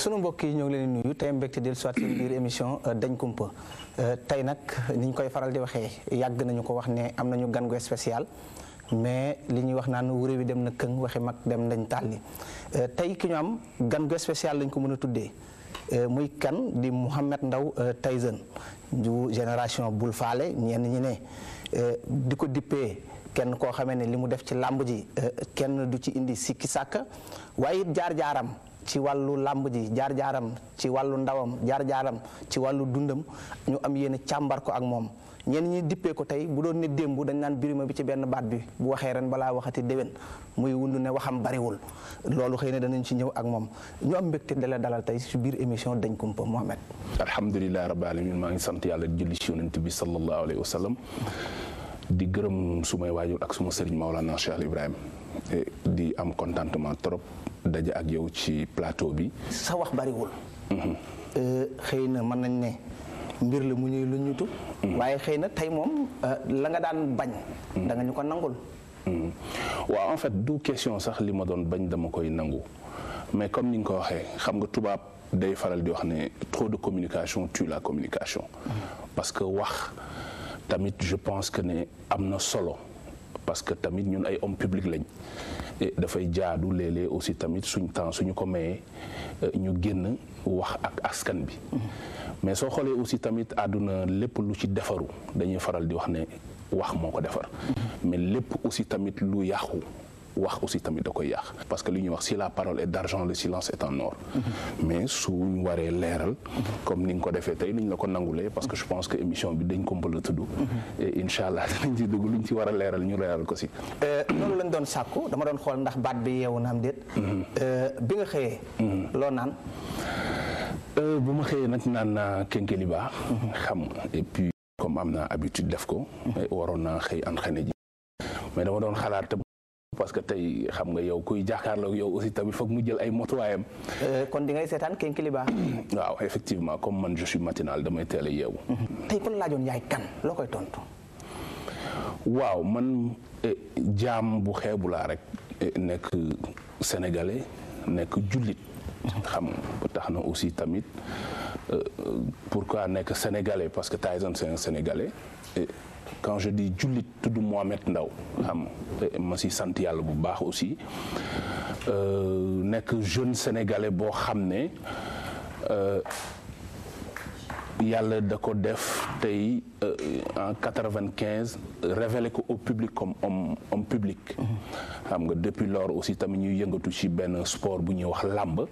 sunu mbokk yi ñoo ngi leen di nuyu tey mbégte del soit seen biir émission euh, dañ kumpa euh, tey nag niñ koy faral di waxee yàgg nañu ko wax ne am nañu gan gu spécial mais li ñuy wax naan wuré wi dem na këng waxi mag dem nañ tàlli euh, tey ki am gan gu lañ ko mën a tuddee muy kan di Mouhamed Ndao Tyson du génération bul faale ñenn ñi ne di ko dippee kenn koo xamee ne li mu def ci làmb ji kenn du ci indi sikki sàkk waaye it jaar-jaaram ci wàllu làmb ji jaar-jaaram ci wàllu ndawam jaar-jaaram ci wàllu dundam ñu am yéen càmbar ko ak moom ñenn ñi dippee ko tey bu doon ne démb dañ naan birima bi ci benn baat bi bu waxee ren balaa waxati déwén muy wund ne waxam bariwul loolu xëy na danañ ci ñëw ak moom ñu am mbégte la dalal tey ci biir émission dañ kumpa Mohamed alhamdulilah rabbil alamin maa ngi sant yàlla julli ci yonent bi sallallahu alayhi wa sallam di gërëm sumay waajur ak suma sëriñ Maolana Cheikh Ibrahim eh, di am contentement trop daje ak yow ci plateau bi. sa wax bari wul euh, na mën nañ ne mbir la mu ñuy lu ñutu mhm. waye xeyna tay mom euh, la nga daan bañ. Mhm. da nga ñu ko nangul. Mhm. wa en fait du question sax li ma doon bañ dama koy nangu mais comme ni nga ko waxee xam nga tubaab day faral di wax ne trop de communication tue la communication. parce que wax tamit je pense que ne am solo parce que tamit ñun ay hommes publics lañ. dafay jaadu léeg aussi tamit suñ temps suñu ko mayee euh, ñu génn wax ak askan bi mais soo xoolee aussi tamit àdduna lépp lu ci defaru dañuy faral di wax ne wax moo ko defar mais lépp aussi tamit lu yàqu wax aussi tamit da koy parce que l'union wax si la parole est d'argent le silence est en or mhm. mais une waree leeral comme ni nga ko defee tey ni la ko parce que je pense que émission bi dañ komba tout doux. Mhm. et incha allah dinañ ci dugg luñ ci war a leeral ñu leeral ko si euh, loolu lañ doon sàkku dama doon xool ndax baat bi yeewu na am déet mhm. euh, bi nga xëyee loo naan euh, bu ma xëyee nag naan naa kénkéliba xam et puis comme am naa habitude def ko waroon naa xëy an xane ji mais dama doon xalaat parce que tey xam nga yow kuy jàkkaarloog yow aussi tamit foog mu jël ay motuwaayam. Euh, kon di ngay seetaan Kénkiliba. waaw effectivement comme man je suis matinal damay teel a yeewu. tey kon laajoon yaay kan loo koy tontu. waaw man eh, jaam bu xeebu laa rek eh, nekk sénégalais nekk jullit. xam tax na aussi tamit euh, pourquoi nekk sénégalais parce que Tyson c'est un quand je dis jullit tudd Mohamed Ndaw xam ma si sant yàlla bu baax aussi euh, nekk jeune sénégalais boo xam ne euh, yàlla da ko def tey euh, en 95 vingt révélé ko au public comme homme public mm-hmm. xam nga depuis lors aussi tamit ñuy yëngatu ci benn sport bu ñuy wax lamb.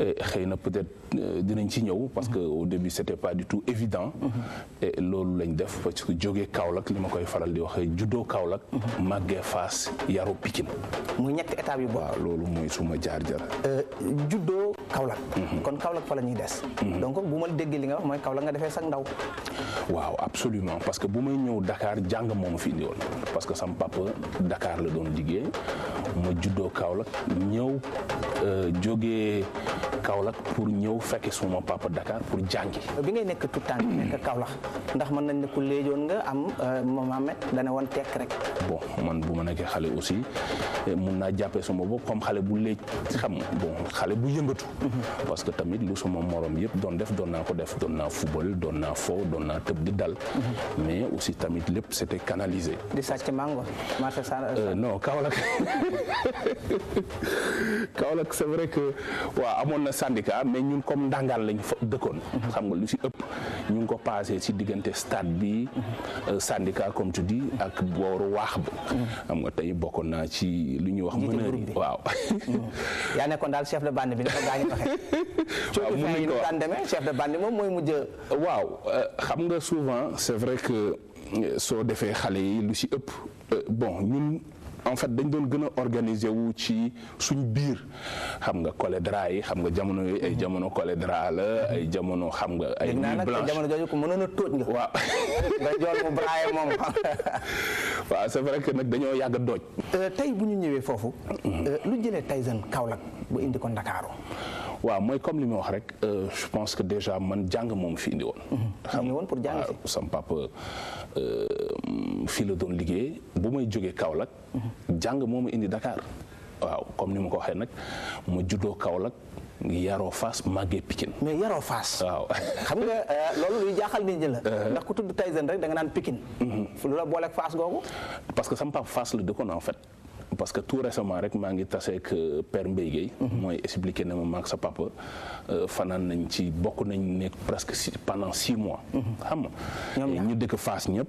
Euh, xëy na peut-être euh, dinañ ci ñëw parce que au début c'était pas du tout évident mm-hmm. et lolu lañ def parce que jógee kaolak li ma koy faral di waxe judo kaolak mm-hmm. màggee face yaru Pikine muy ñek étape yu bokk lolu moy suma jaar-jaar euh, judo kaolak mm-hmm. kon kaolak fa lañuy dess donc buma déggé li nga wax moy kaolak nga défé sax ndaw waaw absolument parce que buma may Dakar jang mom fi indi parce que sama papa Dakar la doon liggéey ma kaolak Kaolack euh jógee kaolak pour ñëw fekke suma papa Dakar pour jangi bi ngay nek tout temps nek kaolak ndax man nañ ne ku léejoon nga am euh, Mohamed dana won tek rek. bon man bu ma nekkee xalé aussi eh, mën na jappé suma bop comme xalé bu lej xam bon xalé bu yëngatu. Mhm. parce que tamit lu suma morom yëpp don def don na ko def don na football don na fo don na teub di dal. Mhm. mais aussi tamit lepp c'était était canalisé. di sàcc mango ma sa euh, non kaolak kaolak c'est vrai que wa amoon amoon na syndicat mais ñun comme ndàngaan lañu fa dëkkoon. xam nga lu si ëpp ñu ko passé si diggante stade bi. Euh, syndicat comme tu dis ak booru waax ba. xam nga tey bokkoon naa ci lu ñuy wax. mëneel waaw. Mm. yaa nekkoon daal chef de bi dafa gaañu waxee. waaw mun nañu ko daan demee moom mooy mujj. waaw euh, xam nga souvent c'est vrai que euh, soo defee xale yi lu si ëpp ñun. en fait dañ doon gëna organiser wu ci suñ biir xam nga colédra yi xam nga jamono ay mhm. jamono colédra la ay jamono xam nga. ay nuit blanche jamono jojo ko mënon a tóoj nga. wa nga jool mu braaye mom wa c'est vrai que nag dañoo yàgg a dooj. Euh, tey bu ñu mhm. euh, lu jëlee Tyson kaolak bu indi ko dakaro wa moy comme li ma wax rek euh, je pense que déjà man jang mom fi indi won xam mhm. nga won pour jang si sama papa. Euh, fii la doon liggéey bu may jógee Kaolack jàng moo ma indi dakaar waaw comme ni ma ko waxee nag ma juddoo Kaolack yaroo Fass màggee Pikine mais yaroo Fass waaw xam nga euh, loolu luy jaaxal nit ñi la euh. ndax ku tudd Tyson rek da nga naan Pikine mhm. lu la booleeg Fass googu parce que sama papa Fass la dëkkoon en fait parce que tout récemment rek maa ngi taseeg euh, père Mbaye Gueye mhm. mooy expliqué ne ma maag sa papa euh, fanaan nañ ci bokk nañ nekk presque pendant 6 mois mhm. xam nga ñu dëkk Fass ñëpp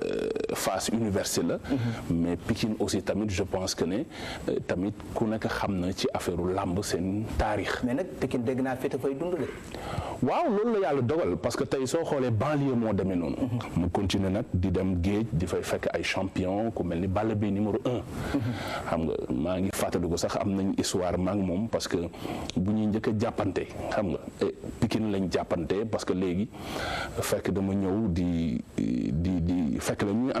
Fass universelle mhm. mais Pikine aussi tamit je pense que né euh, tamit ku nekk xamna ci affaireu lamb sen taarix. mais nak Pikine dégg naa féete fay dund de. waaw loolu la yalla dogal parce que tay so xolé banlieue mo demé noonu. Mhm. mu continuer nak di dem geej di fay fekk ay champion ku melni ni numéro 1 mhm. xam nga ma ngi fatadu ko sax amnañ histoire mak mom parce que buñu ñuy jappanté xam nga eh, Pikine lañ jappanté parce que légui fekk dama ñëw di di di fekk lañu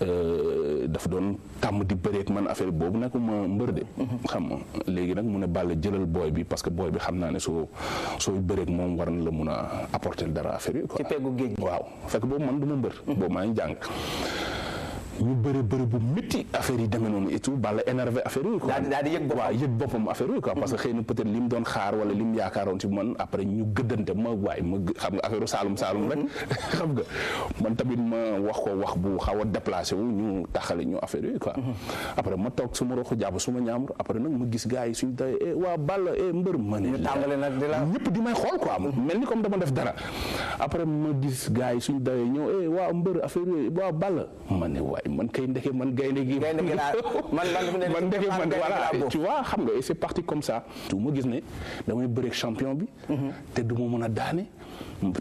Euh, dafa doon tàmm di bëreek man affaire boobu nag ma mbër de xam nga léegi nag mu ne Balla jëlal booy bi parce que booy bi xam naa ne soo sooy bëreek moom war na la mun a apporter dara affaire yi quoi géej waaw fekk boobu man du mbër mhm. boobu maa ngi yu bëri bëri bu metti affaire yi demé non et tout balla énervé affaire yi quoi daal di yëg boppam waaw yëg boppam affaire yi quoi parce que xeyna peut être lim doon xaar wala lim yaakaaron ci man après ñu gëddante ma way ma xam nga affaire salum salum rek mm-hmm. xam nga man tamit ma wax ko wax bu xawa déplacer wu ñu taxalé ñu affaire yi quoi mm-hmm. après ma tok suma roxu jabu suma ñamru après nak ma gis gaay yi suñu tay eh wa balla eh mbeur mané ñu tangalé nak di la ñëpp di may xol quoi mm-hmm. melni comme dama def dara après ma gis gaay yi suñu tawee ñëw eh wa mbeur affaire yi wa balla mané way man kay ndeke man gaynde gi man ndeke man voilà tu vois xam nga et c'est parti comme ça tu ma gis ne damay bëreeg champion bi mhm. te du ma mën a daane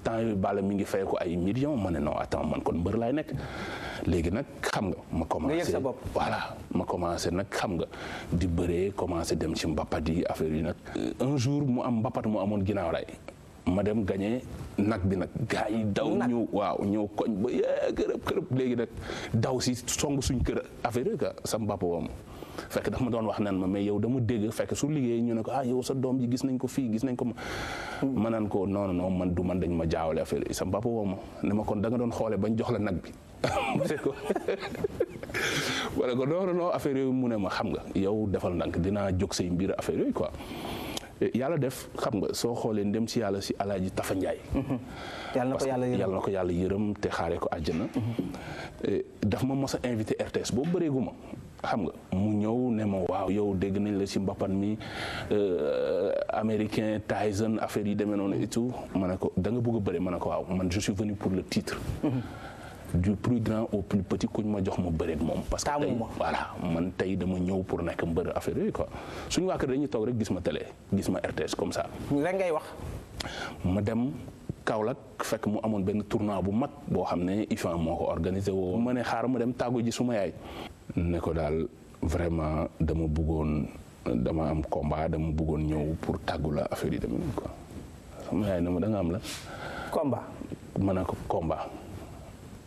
temps yooyu Balla mi ngi fay ko ay millions ma ne non attends man kon mbër laay nekk léegi nag xam nga ma commencé voilà ma commencé nag xam nga di bëree commencé dem ci mbapat yi affaire yi nag euh, un jour mu am mbapat mu amoon ginnaaw raay ma dem gagné nag bi nag gars yi daw ñëw waaw ñëw koñ ba yee kërëb kërëb léegi nag daw si song suñ kër affaire ka sam bàpp woom fekk dafa ma doon wax nan ma mais yow dama dégg fekk su liggéey ñu ne ko ah yow sa doom ji gis nañ ko fii gis nañ ko ma ma ko non non man du man dañ ma jaawale affaire yi sam bàpp woom ma ne ma kon danga nga doon xoolee bañ jox la nag bi wala ko non non affaire yooyu mu ne ma xam nga yow defal ndànk dinaa jóg say mbir affaire yooyu quoi yalla def xam nga so xoolee dem si yalla si alaaji Tafa Ndiaye. Mm-hmm. yalla nako yalla yàlla yërëm yàlla na te xare ko aljana mm-hmm. eh, daf ma mos inviter RTS bo bëreegu ma xam nga mu ñew ne ma waaw yow deg nañ la si mbappan mi euh, américain Tyson affaire yi demee noonu et tout manako da nga bëgg beure manako ma waaw man je suis venu pour le titre. Mm-hmm du plus grand au plus petit ku ñu ma jox ma bëreeg moom. parce que voilà man tay dama ñew pour nek mbeur affaire yi quoi suñu wa kër dañuy tok rek gis ma télé gis ma RTS comme ça. lan ngay wax. ma dem Kaolack fekk mu amone ben tournoi bu mag bo xamné IFAN moko organiser wo mané xaar mu dem tagu ji suma yaay. né ko dal vraiment dama bëggoon dama am combat dama bëggoon ñew pour tàggu la affaire yi dem quoi sama yaay na ma da nga am la. combat. ma ko combat.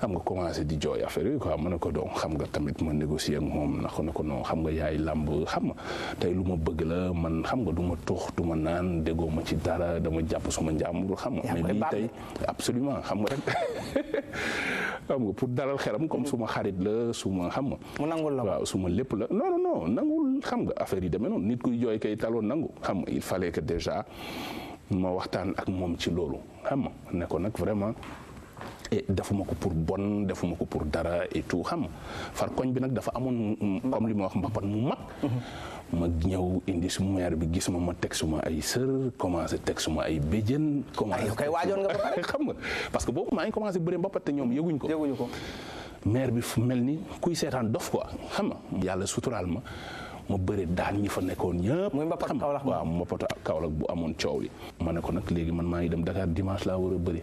xam nga commencé di joy affaire yooyu quoi mané ko do xam nga tamit mo négocier ak mom ndax ne ko non xam nga yaay lamb xam tay luma bëgg la man xam nga duma tox duma nan ma ma ci dara dama japp suma njàmbur xam mais lii tay absolument xam nga rek xam nga pour dalal xéram comme suma xarit la suma xam nga mu nangul la waaw suma lepp la non non non nangul xam nga affaire yi demee non nit kuy joy kay talon nangu xam il fallait que déjà ma waxtaan ak mom ci lolu xam ne ko nak vraiment E, defuma ko pour bon defuma ko pour dara et tout xam far koñ bi nak dafa amone mm, mm, comme li ma wax mbapat mu mag mhm. ma ñew indi su maire bi gis ma ma teg suma ay sœur commencé teg suma ay bejeen commencé ay kay wajon nga ba xam nga parce que boobu maa ngi commencé bëre mbapat te ñom yeguñ ko yeguñ ko maire bi mel ni kuy sétan dof quoi xam nga yalla sutural ma ma beure daal ñi fa nekkon ñepp moy mbapat kaolax waaw mbapat kaolax bu amoon ciow yi mané ko nak légui man ma ngi dem Dakar dimanche la wara beure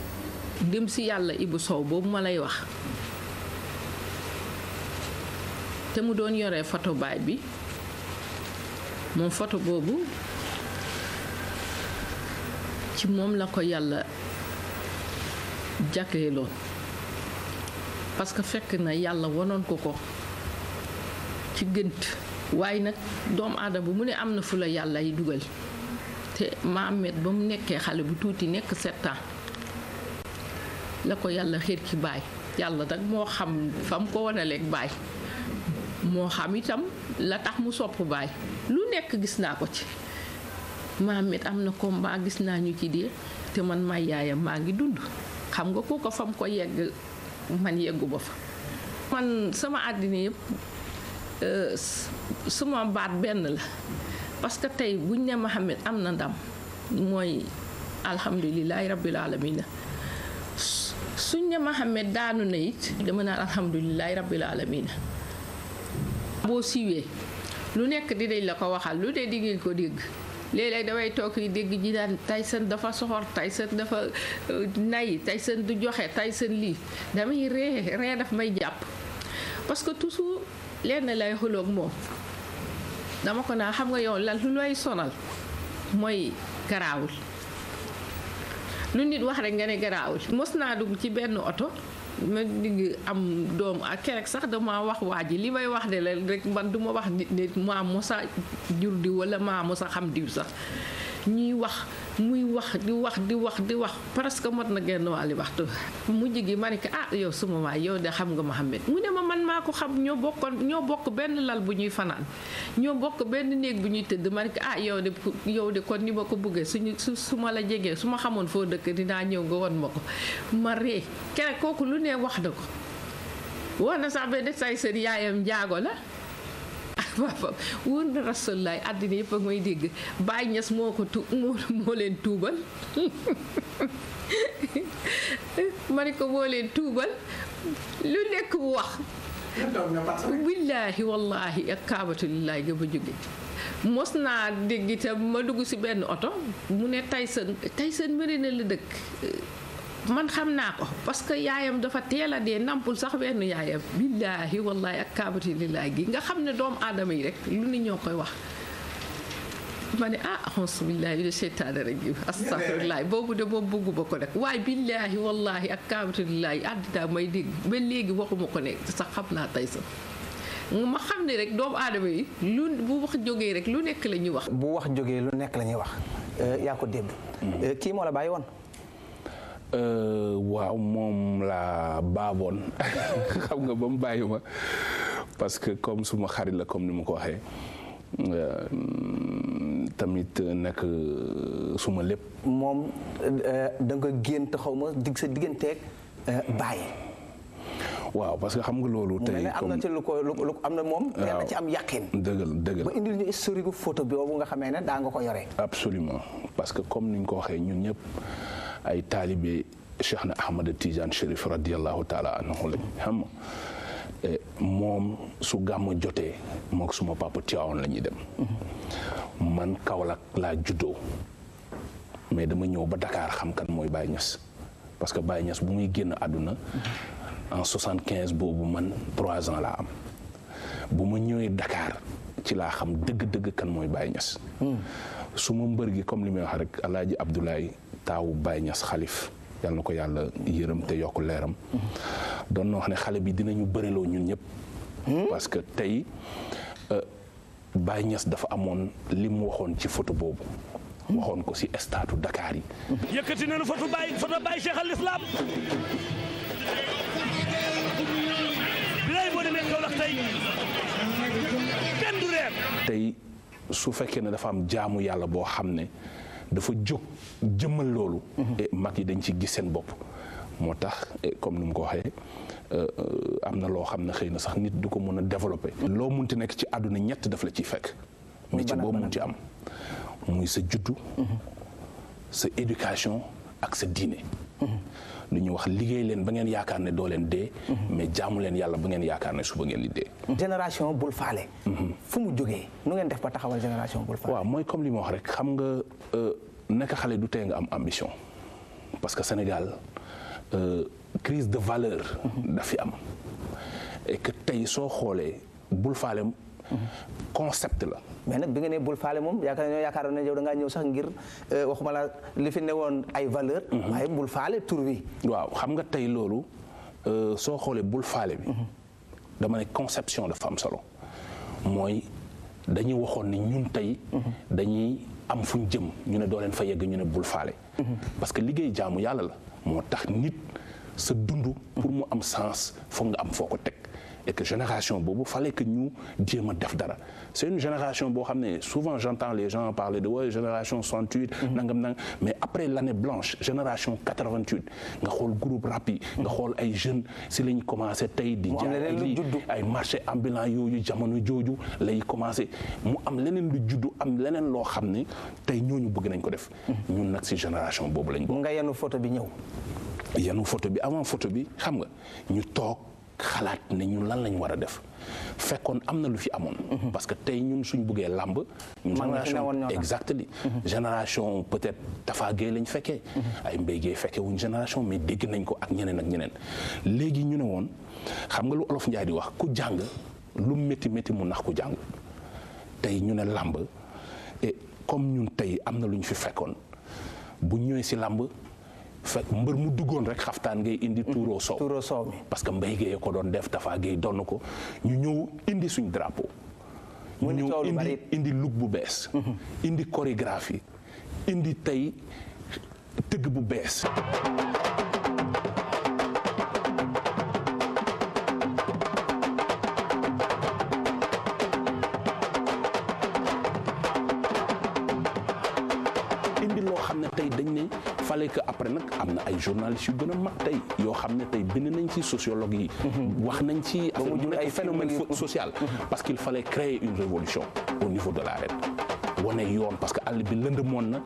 dem si yàlla ibu soow boobu ma lay wax te mu doon yore photo baay bi moom photo boobu ci moom la ko yàlla jagleeloon parce que fekk na yàlla wonoon ko ko ci gënt waaye nag doomu aadama bu mu ne am na fu yàlla ay dugal te Mohamed ba mu nekkee xale bu tuuti nekk sept la ko yàlla xir ci baay yàlla nag moo xam fam ko wan a leeg baay moo xam itam la tax mu sopp baay lu nekk gis naa ko ci Mohamed am na combat gis naa ñu ci dee te man may yaayam maa ngi dund xam nga ko ko fam ko yegg man yeggu ba fa man sama àddina yëpp euh, sama baat benn la parce que tey buñ ne Mohamed am na ndam mooy alhamdulilahi rabbil alamina suñ ne Mohamed daanu na it dama naan alhamdulilahi rabbil alamin boo siwee lu nekk di dinañ la ko waxal lu de di ngeen ko dégg léeg-léeg damay toog yi dégg ji daan Tyson dafa soxor Tyson dafa euh, nay Tyson du joxe Tyson lii damay ree ree daf may jàpp parce que toujours lenn lay xuloog moom dama ko naa xam nga yow lan lu lay sonal mooy garaawul lu nit wax rek nga ne garaawul mos naa dugg ci benn oto ma digg am doom ak kerek sax dama wax waa ji li may wax de la rek man duma wax nit maa mosa jur diw wala maa mosa xam diw sax ñuy wax muy wax di wax di wax di wax presque mot na genn wàlli waxtu mujj gi ma ne ko ah yow suma waay yow de xam nga Mohamed mu ne ma man maa ko xam ñoo bokkoon ñoo bokk benn lal bu ñuy fanaan ñoo bokk benn néeg bu ñuy tëdd ma ne ko ah yow de yow de kon ni ma ko bëggee suñu su su ma la jegee su ma xamoon foo dëkk dinaa ñëw nga won ma ko ma ree kere kooku lu ne wax na ko wax na sax ba de say seen yaayam njaago la paapam wóor na rasulaay àddina yëpp a mooy dégg Baay Ñas moo ko tu moo leen tuubal ma ko moo leen tuubal lu nekk mu wax billaahi wallaahi ak kaabatu lillaahi nga ba jóge mos naa dégg itam ma dugg ci benn oto mu ne Tyson Tyson mëri na la dëkk man xam naa ko parce que yaayam dafa teel a dee nampul sax wenn yaayam billaahi wallaahi ak kaabati lillaahi gi nga xam ne doomu aadama yi rek lu ñoo koy wax ma ne ah xons billaahi bi de seytaane rajim astafirulaahi boobu de moom bëgguma ko rek waaye billaahi wallaahi ak kaabati lillaahi àddina may dégg ba léegi waxuma ko ne sax xam naa tey sax ma xam ne rek doomu aadama yi lu bu wax rek lu nekk la ñuy wax bu wax jógee lu nekk lañuy wax euh, yaa ko démb hmm. euh, kii moo la bàyyi woon Euh, waaw moom laa baaboon xam nga ba mu bàyyi ma parce que comme suma xarit la comme ni ma ko waxee euh, tamit nekk euh, suma lépp. moom da nga génn taxaw ma dig sa digganteeg bàyyi. waaw parce que xam nga loolu. tey comme am na ci lu ko am na moom. waaw na ci am yàqin. dëgg la dëgg la ba indil ñu historique photo bi boobu nga xamee ne daa nga ko yore. absolument parce que comme ni ñu ko waxee ñun ñëpp. ay taalibe Cheikh na Ahmad Tidiane Chérif radiallahu taala anhu lañ xam e moom su gàmm jotee mook suma papa Tiwaawan la ñuy dem man Kaolack laa juddoo mais dama ñëw ba dakaar xam kan mooy Baye Niass parce que Baye Niass bu muy génn àdduna en soixante quinze boobu man trois ans laa am bu ma ñëwee dakaar ci laa xam dëgg-dëgg kan mooy Baye Niass hmm. su ma mbër gi comme li may wax rek Alaaji Abdoulaye taawu Baye Niass xalif yàlla na ko yàlla yërëm te yokk leeram doon na wax ne xale bi dinañu bëriloo ñun ñëpp hmm? parce que tey euh, Baye Niass dafa amoon li mu waxoon ci photo boobu hmm? waxoon ko si stade Dakar yi hmm? yëkkati nañu photo Baye photo Baye Cheikh al Islam tey su fekkee ne dafa am jaamu yàlla boo xam ne dafa jóg jëmmal loolu. Mhm. et eh, mag yi dañ ci gis seen bopp. moo tax eh, comme ni mu ko waxee eh, am na loo xam ne xëy na sax nit du ko mën a développer. Mhm. loo munti nekk ci àdduna ñett daf la ciy fekk. mais ci boo munti am. muy sa juddu. Mhm. sa éducation ak sa diine. lu ñuy wax liggéey leen ba ngeen yaakaar ne doo leen dee mais jaamu leen yàlla ba ngeen yaakaar ne suba ngeen di dee génération bul faale fu mu jógee nu ngeen def ba taxawal génération bul faale waaw mooy comme li ma wax rek xam nga euh, nekk xale du tee nga am ambition parce que Sénégal euh, crise de valeur fi am et tey soo xoolee bul faale mm-hmm. concept la mais nag bi nga nee bul faale moom yaakaar ñoo yaakaaroon ne yow da ngaa ñëw sax ngir euh, waxuma la li fi ne woon ay valeur mhm. waaye bul faale tur wi waaw xam nga tey loolu euh, soo xoolee bul faale bi mhm. dama ne conception dafa am solo mooy dañuy waxoon ne ñun tey mhm. dañuy am fuñ jëm ñu ne doo leen fa yegg ñu ne bul faale parce que liggéey jaamu yàlla la moo tax nit sa dund pour mu am sens foog nga am foo ko teg et que génération bobo, fallait que nous jéem def dara c'est une génération bobo xamné souvent j'entends les gens parler de ouais génération 68 mhm. nangam nang mais après l'année blanche génération 88 nga xol groupe rap yi nga mhm. xol ay jeunes c'est lañ commencé tay di jaay en ay marché ambulant yooyu jamono joju lay commencé mu am leneen lu juddu am leneen lo xamné tay tey ñooñu bëgg nañ ko def mhm. ñun nak ci génération bobu lañ bokk nga yanu photo bi ñew yenu photo bi avant photo bi xam nga ñu xalaat ne ñu lan lañ war a def fekkoon am na lu fi amoon mhm. parce que tey ñun suñ buggee làmb ñun génération exactement mhm. génération peut-être Tafa Gueye lañ fekkee mhm. ay Mbaye Gueye fekkee wuñ génération mais dégg nañ ko ak ñeneen ak ñeneen léegi ñu ne woon xam nga lu olof Njaay di wax ku jàng lu métti métti mu nax ku jàng tey ñu ne làmb et comme ñun tey am na lu ñu fi fekkoon bu ñëwee si làmb fekk mbër mu duggoon rek xaftaan ngay indi mhm. tuuroo soow tuuroo parce que mbay géeye ko doon def dafaa géey donn ko ñu ñëw indi suñ drapeau ñu ñëw indi indi bu bees mhm. indi chorégraphie indi tey tëgg bu bees après nag am ay journalistes yu gën a tay yo xamné tay ne bind nañ ci sociologue yi. Mhm. wax nañ ci ay phénomène social. Mhm. parce qu'il fallait créer une révolution au niveau de la reine. woné yoon parce que àll bi lëndëmoon na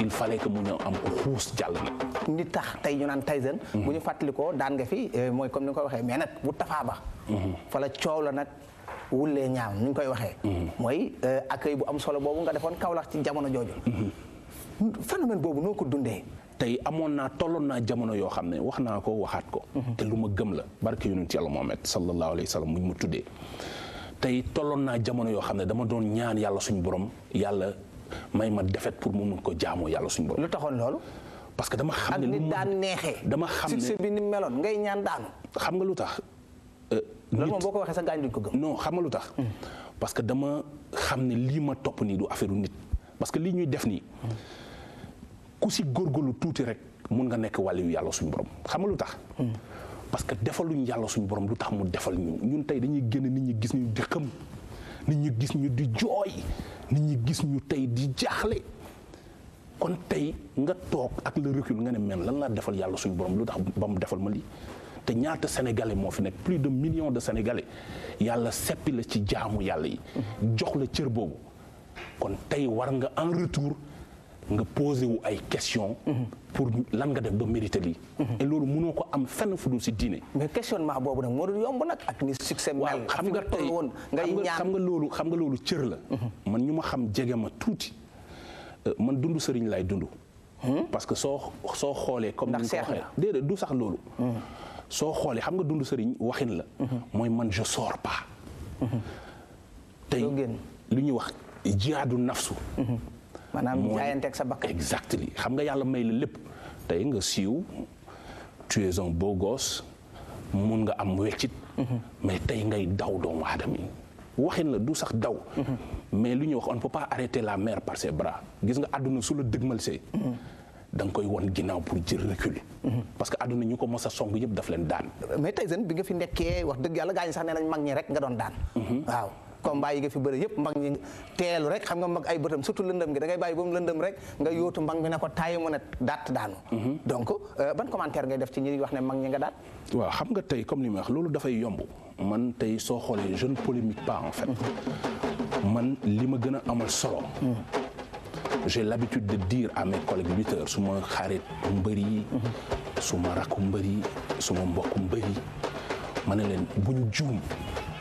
il fallait que mu ñu am ko jall na. ni tax tay ñu naan Tyson. Mhm. bu ñu fàttalikoo daan nga fi euh, mooy comme ni nga ko waxee mais nag bu tafaa ba. fa la coow la nag. wulee ñaaw ni ñu koy waxee. mooy euh, accueil bu am solo boobu nga defoon Kaolack ci jamono jooju. phénomène boobu noo ko dundee. tey amoon naa tolloon naa jamono yoo xam ne wax naa ko waxaat ko. Mhm. te lu ma gëm la barke yonent Yàlla Muhammad sallallahu alayhi wa sallam muñ mu tuddee. tey tolloon naa jamono yoo xam ne dama doon ñaan yàlla suñu borom yàlla may ma defet pour mu mun ko jaamoo yàlla suñu borom. lu taxoon loolu. parce que dama xam ne ak ni daan neexee. dama ngay ñaan daanu. xam nga lu tax. Euh, loolu moom boo ko waxee sax gaañ duñ ko lu tax. Hmm. parce que dama xam ne lii ma topp nii du affaire nit. parce que lii ñuy def nii. Hmm. ku ci gorgolu touti rek mën nga nek waliyu yalla suñu borom xam lu tax. Hmm. parce que defaluñ yalla suñu borom lu tax mu defal ñu ñun tay dañuy gën nit ñi gis ñu di xam nit ñi gis ñu di joy nit ñi gis ñu tay di jaxlé kon tay nga tok ak le recul nga ne men lan la defal yalla suñu borom lu tax ba defal ma li te ñaata sénégalais mo fi nek plus de millions de sénégalais yalla seppi la ci jaamu yalla yi hmm. jox la cër bobu kon tay war nga en retour nga posé wu ay question pour lan nga def ba mérité li et lolu mënoo ko am fenn fu dul si diine. mais questionnement boobu nak moo yomb nak ak ni succès mel. xam nga ngay ñaan xam nga lolu xam nga lolu cieur la. man ñuma xam jege ma tuuti euh, man dund sëriñ lay dund. Hmm? parce que so so xolé comme ni nga ko waxee déedéet du sax lolu hmm. so xolé xam nga dund sëriñ waxin la. moy hmm. man je sors pas. tay lu ñuy wax jihaadu nafsu. maanaam jaayanteeg sa bakkan exactly xam nga yàlla may la lépp tey nga siiw tu es un beau gosse mun nga am weccit mhm. mais tey ngay daw doomu aadama yi waxin la du sax daw mhm. mais lu ñuy wax on peut pas arrêter la mer par ses bras gis nga àdduna su la dëgmal see mhm. da koy won ginnaaw pour jël recul. parce que àdduna ñu ko mos a song yëpp daf leen daan mais Tyson bi nga fi nekkee wax dëgg yàlla gaa ñi sax nee nañ mag ñi rek nga doon daan combat yi nga fi beure yep mbag ñi téelu rek xam nga mag ay bëtam surtout lëndëm gi da ngay bayyi bu mu lëndëm rek nga yootu mbag bi ne ko taay mu ne daat daanu donc ban commentaire ngay def ci ñi wax ne mag ñi nga dat wa xam nga tay comme li ma wax da fay yomb man tay so xolé je ne polémique pas en fait man lima gëna amal solo j'ai l'habitude de dire à mes collègues lutteurs su ma xarit mbër yi su ma rakku mbër yi su buñ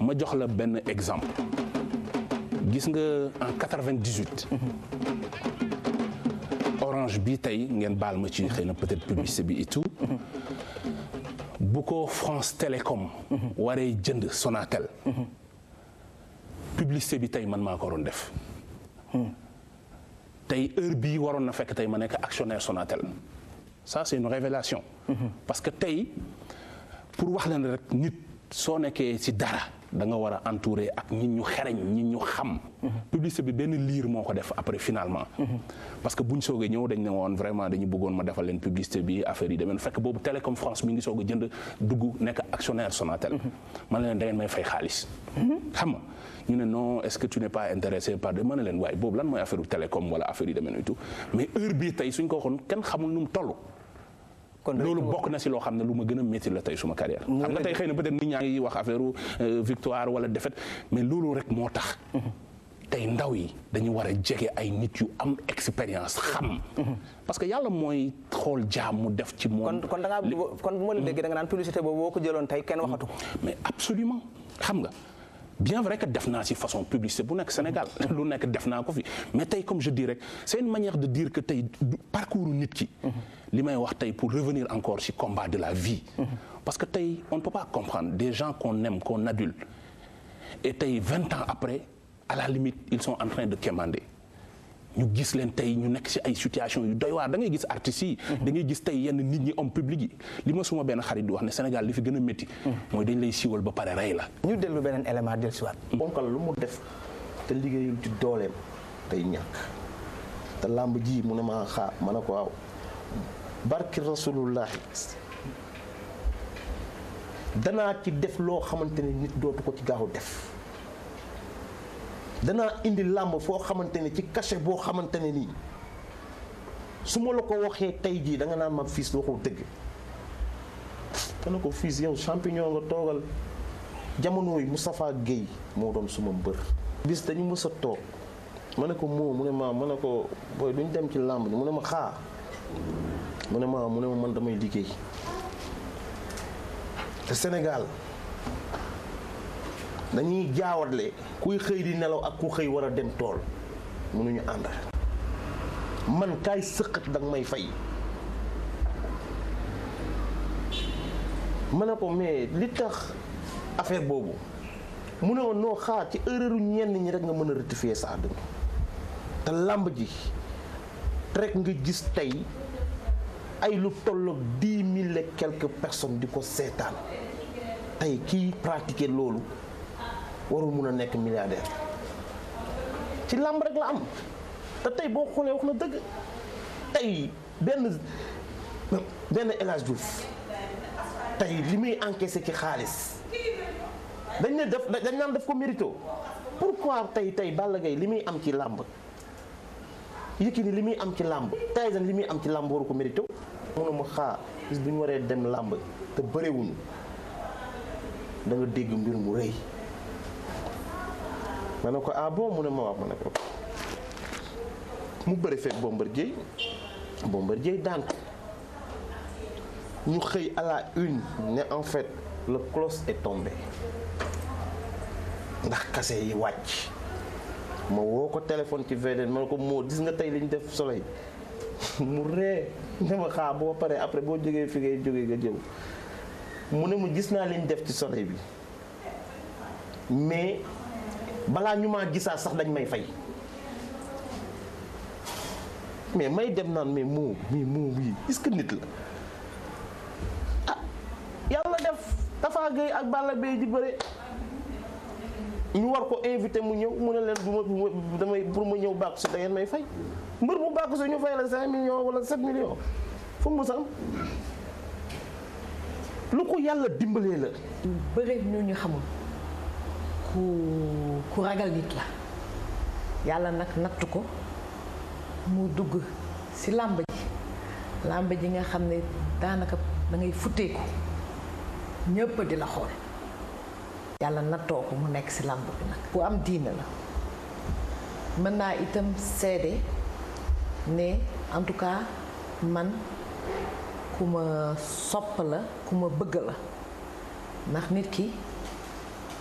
ma jox la benn exemple gis nga en 98 orange bi tey ngeen baal ma ci xëy na peut-être publicité bi et tout bu ko France Télécom waree jënd Sonatel publicité bi tey man maa ko waroon def tey heure bi waroon na fekk tey ma nekk actionnaire Sonatel ça c'est une révélation mhm. parce que tey pour wax leen rek nit soo nekkee ci dara da nga war a entouré ak ñi ñu xereñ ñi ñu xam. publicité bi benn lire moo ko def après finalement. parce que buñ soogee ñëw dañ ne woon vraiment dañu bëggoon ma defal leen publicité bi affaire yi demeen fekk boobu Télécom France mi ngi soog a jënd dugg nekk actionnaire Sonatel. man leen da ngeen may fay xaalis. xam nga ñu ne non est-ce que tu n'es pas intéressé par de ma ne leen waaye boobu lan mooy affaire télécom wala affaire yi demeen yi tout mais heure bii tey suñ ko waxoon kenn xamul nu mu toll. loolu bokk na si loo xam ne lu ma gën a métti la tey suma carrière mm-hmm. xam nga tey xëy na peut-être nit ñaa ngi wax affaire euh, victoire wala defet mais loolu rek moo tax mm-hmm. tey ndaw yi dañu war a jege ay nit yu am expérience xam. Mm-hmm. parce que yàlla mooy xool jaam mu def ci moom. kon kon da ngaa kon bu ma la déggee da nga naan publicité boobu boo ko jëloon tey kenn waxatu ko. mais absolument xam nga. bien vrai que defna de façon façon c'est pour le Sénégal lu mais comme je dirais, c'est une manière de dire que tu parcours nit ki. Mhm. pour revenir encore le combat de la vie. Mhm. parce que on ne peut pas comprendre des gens qu'on aime qu'on adulte et 20 ans après à la limite ils sont en train de quémander. ñu gis leen tey ñu nekk ci ay situation yu doy waar da ngay gis artistes yi mhm. dangay gis tey yenn nit ñi homme public yi li ma suma benn xarit di wax ne Sénégal li fi gën a métti mhm. mooy dañ lay siiwal ba pare rey la ñu dellu beneen élément del siwaat mhm. bonkal lu mu def te liggéeyul ci dooleem tey ñàkk te làmb ji mu ne ma xaa ma ne ko waaw barki rasulullahi danaa ci def loo xamante ne nit dootu ko ci gaaw def danaa indi làmb foo xamante ne ci cachet boo xamante ne nii su ma la ko waxee tey jii da nga naan ma Fils waxoo dëgg dana ko Fils yow champignon nga toogal jamono yi Moustapha géey moo doon suma mbër. bis dañu mës a toog ma ne ko moo mu ne ma ma ne ko booy duñ dem ci làmb mu ne ma xaa mu ne ma mu ne ma man damay liggéey te Sénégal dañuy jaawatle kuy xëy di nelaw ak ku xëy war a dem tool mënuñu ànd man kaay sëqat dang may fay ma ne ko mais li tax affaire boobu mu ne woon noo xaar ci erreur ñenn ñi rek nga mën a rectifier sa àdduna te làmb ji rek nga gis tey ay lu tolloog dix quelques personnes di ko seetaan tey pratiquer loolu warul mun a nekk milliardaire ci làmb rek la am te tey boo xoolee wax na dëgg tey benn benn El Hadj tey li muy encaissé ci xaalis dañ ne def dañ naan def ko mérito pourquoi tey tey Balla Gaye li muy am ci làmb Yékini li muy am ci làmb Tyson li muy am ci làmb waru ko mérito mun ma xaar bis bu ñu waree dem làmb te bëriwuñu da nga dégg mbir mu rëy ma ne ko ah bon mu ne ma waaw ma mu bëri fekk Bombardier Bombardier daan ñu xey à la une né en fait le cloche est tombé ndax kasse yi wacc ma woo ko téléphone ci VDN ma mo gis nga tay liñ def soleil mu ree dama xaar bo paré après bo jógee fi ngay jógee nga jëw mu ne mu gis na liñ def ci soleil bi mais balaa ñu maa gisaa sax dañ may fay mais may dem naan mais moom mais moom bii est-ce nit la ah yàlla def Tapha Gueye ak Balla Gaye di bëre ñu war ko invité mu ñëw mu ne leen du ma damay ma ñëw bàkku si da may fay mbër bu bàkku si ñu fay la 5 millions wala 7 millions fu mu lu ko yàlla dimbalee la. bëri ñu ñu xamul. ku ku ragal nit la yalla nak natt ko mu dugg si lamba ji làmb ji nga xamne danaka da ngay ko ñepp di la xol yalla natto ko mu nek si lamba bi nak ku am diina la man na itam ne en tout cas man kuma sop kuma la nak bëgg la nak nit ki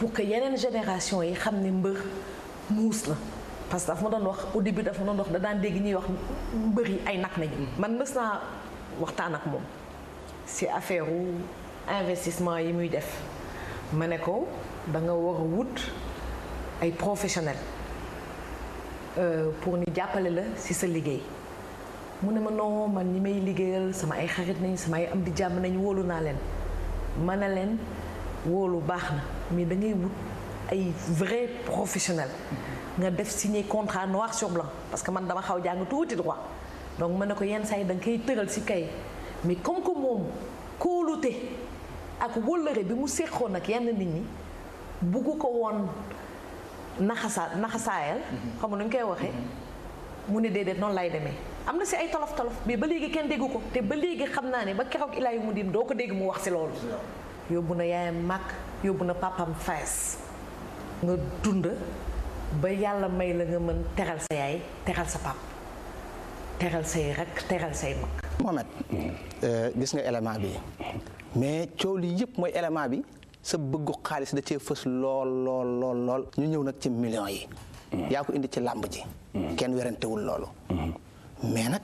pour que yenen génération yi xamné mbeur mbër muus la parce que dafa ma doon wax au début dafa doon wax da daan dégg ñuy wax mbër yi ay nak nañ mm-hmm. man mës na waxtaan ak mom si affaire investissement yi muy def mané ko da nga war a wut ay professionnel euh, pour ni jàppale la ci sa liggéey mu ne ma non man ñi may liggéeyal sama ay xarit nañ sama ay am di jàmm nañu wóolu naa leen mën na leen wóolu baax na mais da ngay wut ay vrai professionnel nga def signer contrat noir sur blanc parce que man dama xaw jang tuuti droit donc mané ko yenn say dang kay teugal ci kay mais comme que moom kóolute ak wëllëre bi mu séqoon ak yenn nit ñi bugu ko won naxasa naxasaayal xam nu ñu koy waxee mu ne déedéet non lay démé amna ci ay tolof tolof mais ba légui kenn dégguko té ba légui xamna né ba keroog ilaa yu mu diin doo ko dégg mu wax ci loolu yóbbu na yaayam màg yóbbu na papam fees nga dund ba yàlla may la nga mën teral sa yaay teral sa pap teral say rek teral say mag Mohamed euh, gis nga élément bi mais coow li yëpp mooy élément bi sa bëggu xaalis da cee fës lool lool lool ñu ñëw nag ci millions yi yaa ko indi ci làmb ji kenn werantewul loolu mm-hmm. mais nag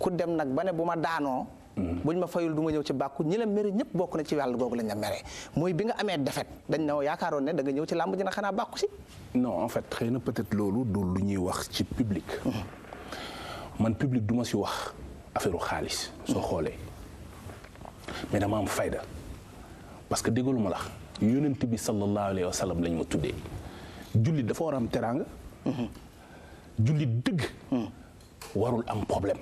ku dem nag ba ne bu ma daanoo buñ ma fayul du ma ñëw ci bàkku ñi la mere ñëpp bokk na ci wàll googu lañ la mere mooy bi nga amee defet dañ na yaakaaroon ne da nga ñëw ci làmb ji na xanaa bàkku si non en fait xëy na peut-être loolu du lu ñuy wax ci public mm-hmm. man public du ma si wax affaire xaalis soo mm-hmm. xoolee mais dama am fayda parce que déggalu ma la yonent bi sallallahu alayhi wa sallam lañ ma tuddee jullit dafa war am teraanga mm-hmm. jullit dëgg warul am problème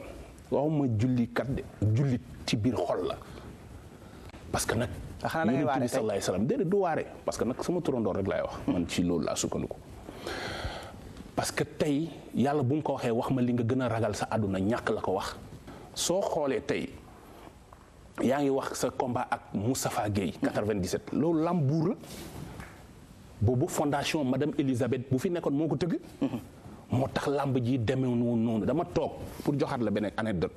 waxuma julli kat de julli ci bir xol la parce que ah, xana ngay waré sallallahu alayhi wasallam dede du waré parce que nag sama turandoor rek lay wax man ci loolu la sukkandiku parce que tay yalla bu mu ko waxee wax ma li nga gëna ragal sa aduna ñak la ko wax so xolé tay yaa ngi wax sa combat ak Moustapha Gueye 97 loolu lambour la fondation madame Elisabeth bu fi nekkon moko teug motax lamb làmb ji non non, dama tok pour joxat la beneen anecdote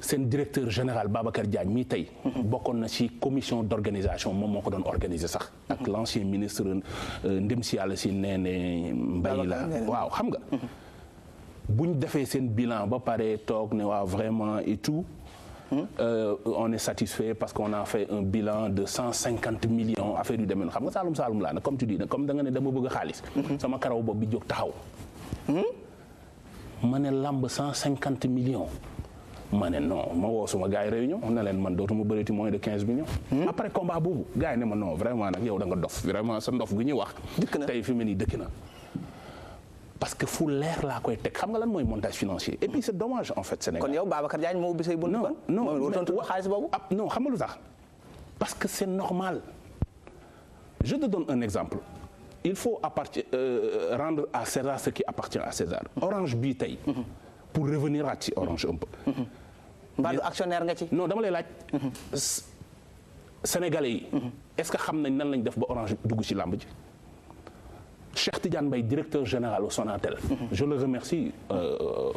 sen directeur général Babacar Diagne mi tay bokon na ci commission d'organisation, mom moko moo organiser sax. ak l'ancien ministre euh, ndem si yàlla si nee mbay la waaw xam nga. bu ñu sen bilan ba paré tok ne wa vraiment et tout. Euh, on est satisfait parce qu'on a fait un bilan de 150 millions à faire demee xam nga saalum saalum laa comme tu dis comme da nga ne dama bëgg a xaalis. Mhm. sama karaw bopp bi jóg taxaw. Hmm? lamb 150 millions. ma non ma woo suma gars yi réunion na leen man dootuma bëreeti moins de 15 millions. Hmm? après combat boobu gars yi ma non vraiment nag yow da nga dof vraiment sa ndof gu ñuy wax. dëkk na fi na parce que fu l'air laa koy teg xam nga lan moy montage financier et puis c'est dommage en fait Sénégal. kon yow Babacar Diagne mo ubbi bon non non mais wa xaalis boobu. Ah, non xam nga lu tax parce que c'est normal je te donne un exemple il faut euh, euh, rendre à César ce qui appartient à César. Orange bi tay mhm. pour revenir à ci Orange un peu. mbaa mhm. mhm. actionnaire nga ci. non dama lay laaj. Sénégalais yi. est-ce que xam nañ nan lañ def ba Orange dugg ci làmb ji. Cher Tidiane Bay, directeur général au Sonatel. Mhm. Je le remercie euh, euh,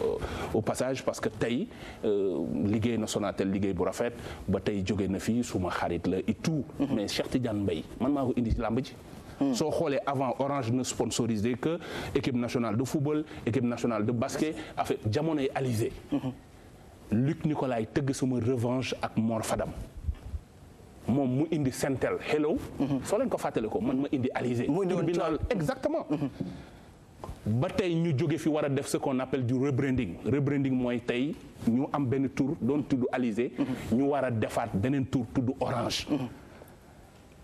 au passage parce que Tay, euh, Ligue au Sonatel, Ligue Bourafet, Batay Djogenefi, Souma Harit, et tout. Mhm. Mais Cher Tidiane Bay, maintenant, il dit soo xoolee avant Orange ne sponsorisait que équipe nationale de football équipe nationale de basket Diamond et Alizé mhm. Luc Nicolaï tëgg sama revanche ak Mor mon, mu indi Sentel hello so len ko fàttale ko man ma indi Alizé tribunal exactement mhm. ba tay ñu joggé fi wara def ce qu'on appelle du rebranding rebranding moy tay ñu am ben tour don tudd Alizé mhm. ñu war a defaat beneen tour tudd Orange mhm.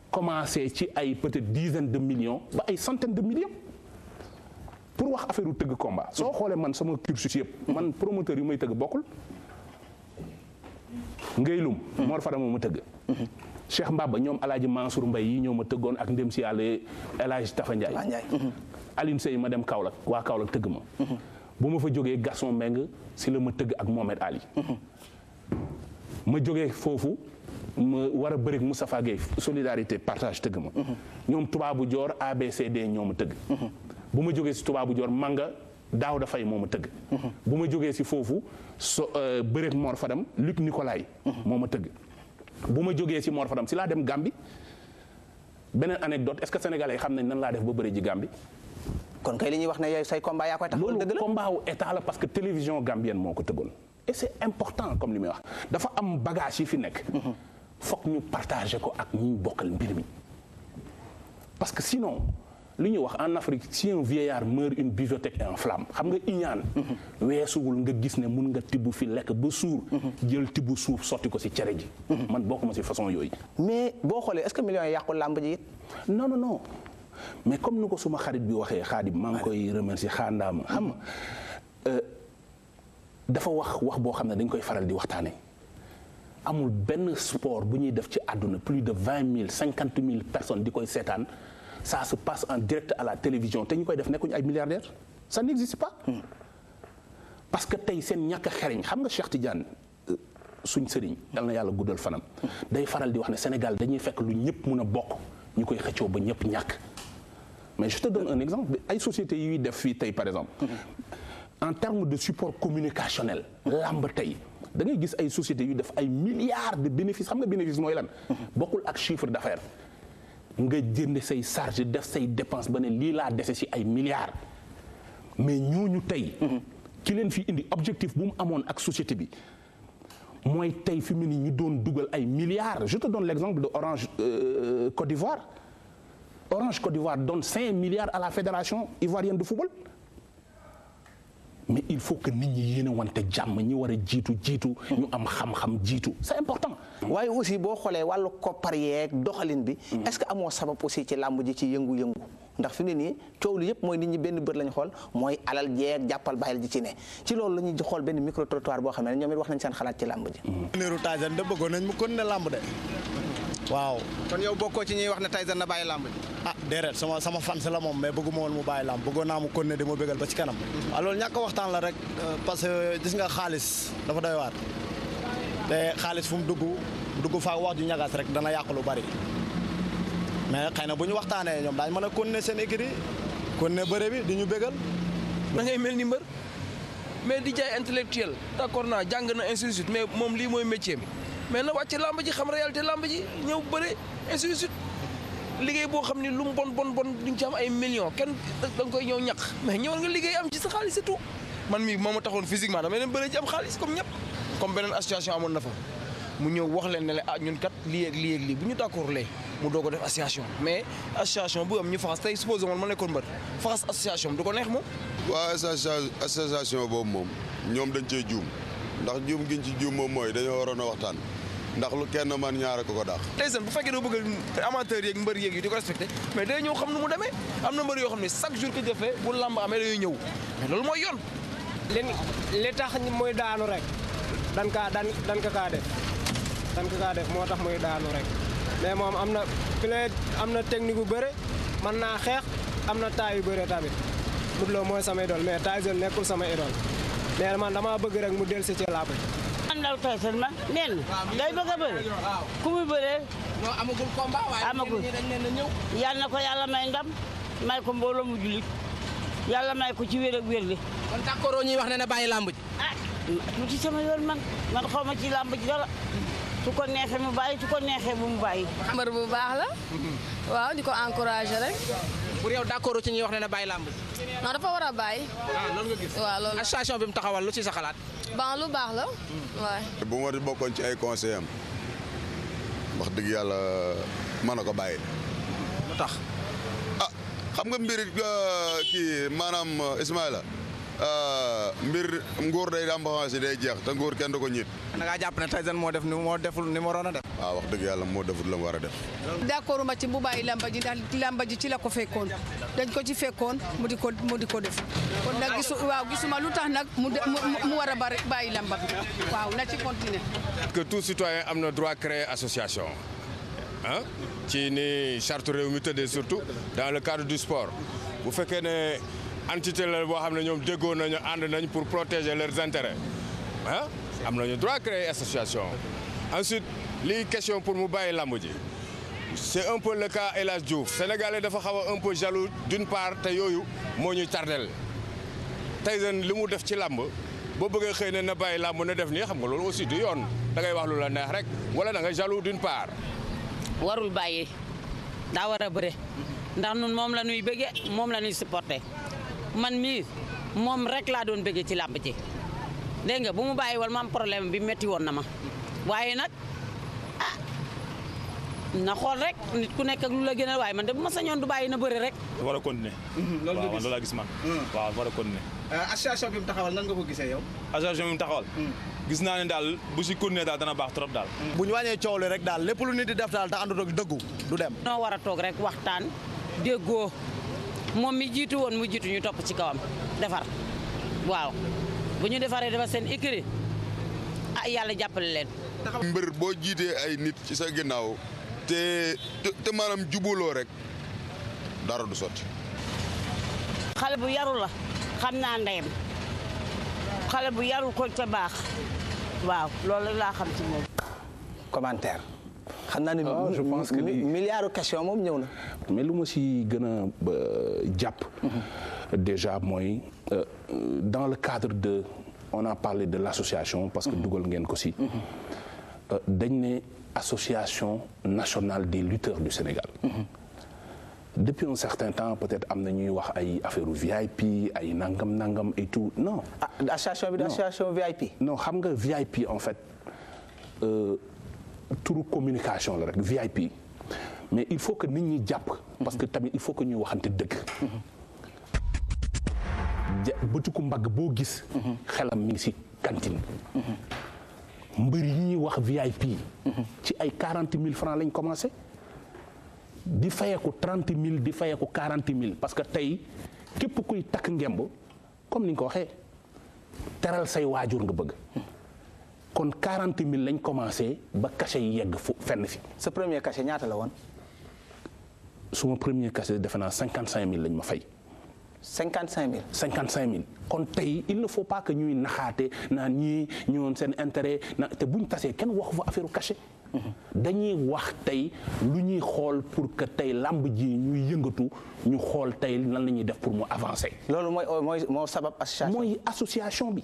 commencer ci ay peut-être dizaine de millions ba ay centaine de millions pour wax affaire u tëgg combat so xolé man sama cursus yëpp man promoteur yu may teug bokul ngeylum Mor Fadam moo ma tëgg Cheikh Mbaba ñoom El Hadj Mansour Mbaye yi ñoo ma tëggoon ak ndem si yàlla El Hadj Tafa Ndiaye. Mhm. ma dem Kaolack waa Kaolack tëgg ma. Mhm. bu ma fa jógee Gaston Mbengue si la ma tëgg ak Mohamed Ali. Mhm. ma jógee foofu ma war a bëri ak Moustapha Gueye solidarité partage tëgg ma. ñoom tubaabu joor ABCD ñoo ma tëgg. bu ma jógee si tubaabu joor manga daaw dafay moo ma tëgg. bu ma jógee si foofu so euh, bëreek Mor Fadam Luc Nicolaï. moo ma tëgg. si laa dem Gambie anecdote est-ce que sénégalais xam nan laa def Gambie. kon kay ne yooyu say combat yaa koy la combat la parce que télévision gambienne moo ko et c'est important comme numéro. Il wax dafa am bagage yi fi mhm. partager ko ak ñu bokkal parce que sinon li wax en Afrique si un vieillard meurt une bibliothèque est en flamme xam nga iñaan weesuwul nga gis ne mun nga tibou fi lekk ba suur jël tibou souf sotti ko ci cere ji man bokuma ci façon yoy mais bo xolé est-ce que million yi lamb ji non non non mais comme ni suma xarit bi waxee khadim mang koy remercier khandam xam nga euh, dafa wax wax bo xam dañ koy faral di waxtaane amul ben sport bu ñuy def ci aduna plus de 20000 50000 personnes di koy sétane ça se passe en direct à la télévision Tu ñu koy def nekkuñu ay milliardaires ça n'existe pas hmm. parce que tey sen ñàkk a xam nga Cheikh Tidiane euh, suñ sëriñ dal na yalla guddal fanam hmm. day faral di wax né Sénégal dañuy fekk lu ñëpp mëna bok bokk ñu xëccoo ba ñëpp ñak mais je te donne un exemple ay sociétés yi def fii tay par exemple hmm. en termes de support communicationnel lamb tay da ngay gis ay sociétés qui def ay milliards de bénéfices xam nga bénéfice moy lan bokul ak chiffre d'affaires nga jënd say que def say dépense dépenses ne milliards mais nous, nous ki leen fi indi objectif bu société bi moy tay fi mu ñu doon ay milliards je te donne l'exemple de Orange euh, Côte d'Ivoire Orange Côte d'Ivoire donne 5 milliards à la fédération ivoirienne de football mais il faut que nit ñi yéene wante jàmm ñi war jiitu jiitu. ñu am xam-xam jiitu c'est important. waaye aussi boo xoolee wàllu koppar yeeg doxalin bi. Mm. est que amoo sabab aussi ci làmb ji ci yëngu-yëngu. ndax fi ne nii coow li yëpp mooy nit ñi benn bët lañ xool mooy alal jeeg jàppal bàyyil ji ci ne ci loolu la ñuy xool benn micro trottoir boo xam ne ñoom it wax nañ seen xalaat ci làmb ji. Mm. numéro Tyson de bëggoon nañ mu kon ne làmb de. waaw kon yow bokkoo ci ñuy wax ne Tyson na bàyyi làmb ah déedéet sama sama fans la moom mais bëgguma woon mu bàyyi làmb bëggoon naa mu continuer di ma bëggal ba ci kanam waaw mm-hmm. ah, loolu ñàkk waxtaan la rek euh, parce que gis nga xaalis dafa doy waar te xaalis fu mu dugg dugg faa wax ju ñagaas rek dana yàq lu bari mais xëy na bu ñu waxtaanee ñoom daañu mën a continuer seen écrit continuer bëre bi di ñu bëggal da ngay mel ni mbër mais di jaay intellectuel d'accord naa jàng na institut moom lii mooy métier bi mais na wàcc làmb ji xam réalité làmb ji ñëw bëre ainsi de suite liggéey boo xam ni lu mu bon bon bon di nga ci am ay million kenn da koy ñëw ñaq mais ñëwal nga liggéey am ci sa xaalis surtout man mii moom a taxoon physiquement damay dem bëre ci am xaalis comme ñëpp comme beneen association amoon na fa mu ñëw wax leen ne la ah ñun kat lii ak lii ak lii bu ñu d'accord lee mu doog a def association mais association bu am ñu faxas tey supposé man ma nekkoon mbër faxas association du ko neex moom. waaw association boobu moom ñoom dañ cee juum. ndax juum giñ ci juum moom mooy dañoo waroon a waxtaan ndax lu kenn man ñaare ko ko daax ndeysaan bu fekkee doo bëgg amateur yeeg mbër yeeg yi di ko respecté mais day ñëw xam nu mu demee am na mbër yoo xam ni chaque jour que jëfee bu làmb amee dañuy ñëw mais loolu mooy yoon len li tax muy daanu rek dan kaa dan dan ka kaa def dan ka kaa def moo tax muy daanu rek mais moom am na pla am na technique bu bëre mën naa xeex am na taay yu bëre tamit Modou Lo mooy sama idole mais Tyson nekkul sama idole nee man damaa bëgg rek mu dellu si ci làmb man ndaw Tyson ma nen day bëgg a bëri ku muy bëree amagul combat waaye amagul yal na ko yàlla may ndam may ko mbooloo mu jullit yàlla may ko ci wér ak wér li ñuy wax ne na bàyyi làmb ah, ci sama yoon man man xaw ma ci làmb ji dara ko neexee mu bàyyi su ko neexe bu mu bàyyi mbër bu baax la waaw di ko encouragé rek pour yow d'accord ci ñuy wax ne na bàyyi làmb non dafa war a bàyyi. ah loolu nga gis waaw loolu. bi mu taxawal lu ci sa xalaat. bon lu baax la. waay. bu ma war a bokkoon ci ay conseil am wax dëgg yàlla mën na ko bàyyi. lu tax. ah xam nga mbir euh, kii maanaam euh, Ismaïla. Euh, mbir ngor day am avancé day jeex te ngor kenn du ko ñiit. da ngaa jàpp ne Tyson mo def ni mo deful ni ah, moo doon def. waaw wax deug yalla mo deful la wara def. d'accord ma ci mu bàyyi lamba ji ndax lamba ji ci la ko fekkoon dañ ko ci fekkoon mu di ko mu di ko def kon nag gisu waaw gisuma lu tax nag mu mu war a bàyyi lamba bi waaw na ci continuer. que tout citoyen amna droit créer association hein ci ni charte réew mi tëddee surtout dans le cadre du sport bu fekkee ne entité la boo xam ne ñoom déggoo nañu ànd nañ pour protéger leurs intérêts ah am nañu droit créer association ensuite lii question pour mu bàyyi làmb ji c'est un peu le cas El Hadj Diouf sénégalais dafa xaw a un peu jaloux d'une part te yooyu moo ñuy tardel Tyson li mu def ci làmb boo bëggee xëy na na bàyyi làmb na def nii xam nga loolu aussi du yoon da ngay wax lu la neex rek wala da nga jaloux d'une part warul bàyyi daa war a bëre ndax nun moom la ñuy bëggee moom la ñuy supporter man mi mom rek la doon bëggee ci lamb ci nga bu mu bàyyi wal ma am problème bi metti won na ma waaye nak na xol rek nit ku nek ak lula gënal waaye man de bu ma du bàyyi na bëri rek. dafa continuer. Mhm, loolu nga gis waaw laa gis man. Hmm. waaw dafa continuer. Euh, association bi mu taxawal nan nga ko gisee yow. association bi mu taxawal. Hmm. gis na ne dal bu ci continuer dal dana bax trop dal, hmm. bu ñu wàññee rek dal, lepp lu nit di def ta andu dog deggu du dem. no wara tok rek waxtaan deggo moom mi jiitu woon mu jiitu ñu topp ci kawam defar waaw bu ñu defaree dafa seen écurie a ah, yàlla jàppale leen. mbër boo jiitee ay nit ci sa ginnaaw te te jubuloo rek dara du sot xale bu yaru la xam naa ndeyam xale bu yarul ko te baax waaw loolu laa xam ci moom. commentaire. Ah, je pense que milliards des milliards de questions. mais nous aussi si euh, mhm. déjà euh, dans le cadre de on a parlé de l'association parce que nous mhm. ngeen aussi mhm. euh, dernière association nationale des lutteurs du Sénégal. depuis un certain temps peut-être amener new ñuy wax ay affaire VIP ay nangam nangam et tout non. L'association ah, association VIP. non xam VIP en fait. turu communication la rek mais il faut que nit ñi jàpp. parce que tamit il faut que ñuy waxante dëgg. mbagg boo gis. xelam mi ngi yi ñuy wax VIP. ci ay quarante mille francs lañ commencé. di fayeeku trente mille di fayeeku quarante mille parce que tey képp kuy takk ngemb comme ni nga ko waxee teral say waajur nga bëgg. kon 40 000 lañ commencé ba cachet yi yegg fu fenn fi. sa premier cachet ñaata la woon. suma premier cachet defe naa 55 000 lañ ma fay. 55 000. 55 000 kon tey il ne faut pas que ñuy naxaate naan ñii ñoon seen intérêt na te buñ tasee kenn waxu fa affaire cachet. Mm-hmm. dañuy wax tey lu ñuy xool pour que tey làmb ji ñuy yëngatu ñu xool tey nan la ñuy def pour mu avancer. loolu mooy mooy moo sabab association. mooy association bi.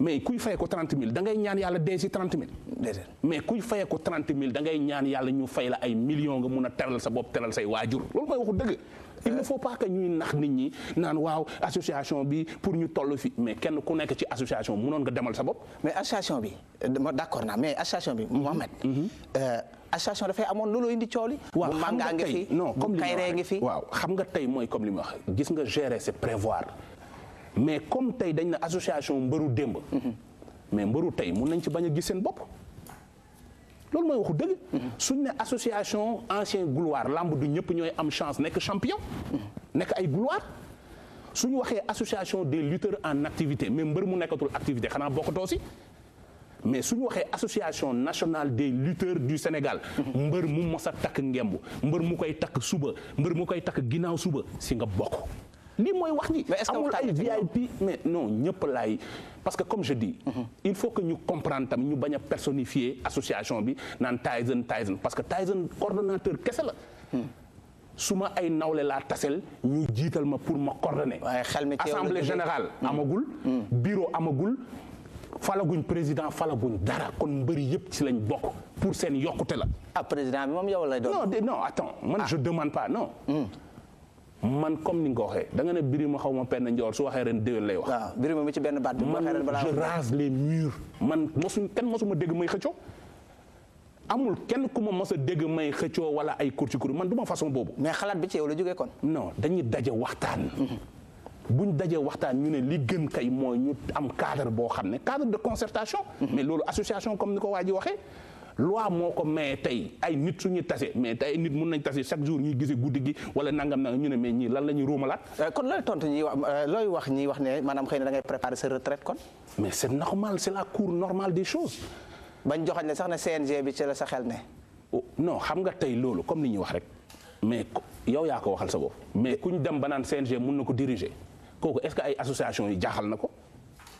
mais kuy fait 30 000 da ngay ñaan 30 000 mais kuy fait 30 000 da ngay ñaan yalla ñu fay la ay millions nga mëna a sa il ne faut pas que ñuy nax nit ñi association bi pour ñu mais kenn ku nekk ci association nous nga demal sa mais association bi d'accord mais association bi Mohamed. Mhm. Euh, association fay amone loolu indi non comme li ma xam nga comme li wax gis nga gérer c'est prévoir mais comme tay dañ na association mbëru démb. mais mbëru tay mun nañ ci baña gis seen bopp. waxu association ancien gloire lamb du ñëpp ñoy am chance nek champion. nek ay gloire suñu waxé association des lutteurs en activité mais mbeur mu nekkatul activité xanaa bokkatoo aussi mais suñu waxé association nationale des lutteurs du Sénégal. mbeur mu mossa tak takk ngemb mu koy tak suba mbeur mu koy tak ginaaw suba si nga bokk lii moy wax ni mais est-ce que amul ay VIP mais non ñepp lay parce que comme je dis. Mhm. il faut que ñu comprendre tam ñu baña personnifier association bi naan Tyson Tyson parce que Tyson coordonnateur kese la. Hmm. su ay nawle la tassel ñu jital ma pour ma coordonner. xel mi assemblée générale hmm. amagul. Hmm. bureau amagul. falaguñ président falaguñ dara kon mbëri yëpp ci lañ bok pour sen yokuté la. ah président bi moom yow lay doon. non non attends man ah. je demande pas non. man comme ni nga ko waxee da nga ne Birima xaw ma pen njoor su waxee ren déwén lay wax. waaw Birima mi ci benn baat bi man je rase les murs. man mosuñ kenn mosuma dégg may xëccoo amul kenn ku ma mos a dégg may xëccoo wala ay kur ci kur man du ma façon boobu. mais xalaat bi ci yow la jógee kon. non dañuy daje waxtaan. Mhm. buñ dajee waxtaan ñu ne li gën kay mooy ñu am cadre boo xam ne cadre de concertation. Mhm. mais loolu association comme ni ko waa ji waxee. loi moko may tay ay nit suñu tassé mais tay nit mën nañ tassé chaque jour ñi gisee guddi gi wala nangam nangam ñu né mais ñi lan lañu ñuy euh, kon looy tontu ñi euh, loy wax ñi wax né manam xeyna da ngay préparer sa retraite kon. mais c'est normal c'est la cour normale des choses. bañ joxañ ne sax ne CNG bi ci la sa xel né oh, non xam nga tay lolu comme ni ñuy wax rek mais yow ya ko waxal sa bopp mais kuñ dem banane CNG mën nako diriger kooku est-ce que ay association yi jaxal nako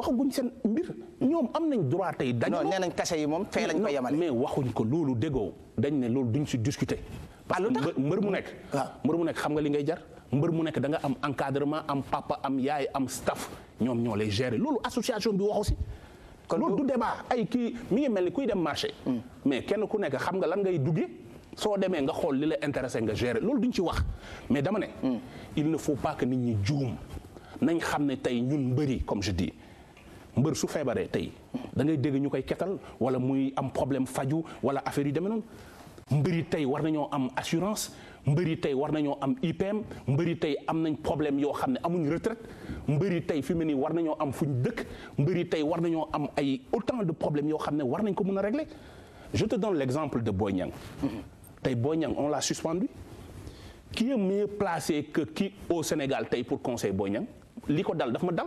waxaguñ sen mbir ñoom am nañ droit tey dañu non nee nañ kase yi mom fee lañ ko yemale mais waxuñ ko lolu déggoo dañ ne lolu duñ ci discuter bah, parce que mbër mu nek ah. mbër mu nek xam nga li ngay jar mbër mu nek da nga am encadrement am papa am yaay am staff ñoom ñoo lay gérer lolu association bi wax aussi kon loolu du débat ay ki mi ngi melni kuy dem marché hmm. mais kenn ku nek xam nga lan ngay duggé soo demee nga xool li la intéressé nga gérer loolu duñ ci wax mais dama ne hmm. il ne faut pas que nit ñi juum nañ xam ne tey ñun mbëri comme je dis mbër su feebaree tay da ngay dégg ñukay kétal wala muy am problème faju wala affaire yu demee non mbër yi tey war nañu am assurance mbër yi tey war nañu am IPM mbër yi tey am nañ problème yo xamné ne amuñ retraite mbër yi tey fi mu war nañu am fuñ dëkk mbër yi tey war nañu am ay autant de problèmes yo xamné war nañ ko mëna régler je te donne l'exemple de Boy tay tey on l'a suspendu qui est mieux placé que qui au Sénégal tay pour conseil Boy liko dal daf ma dal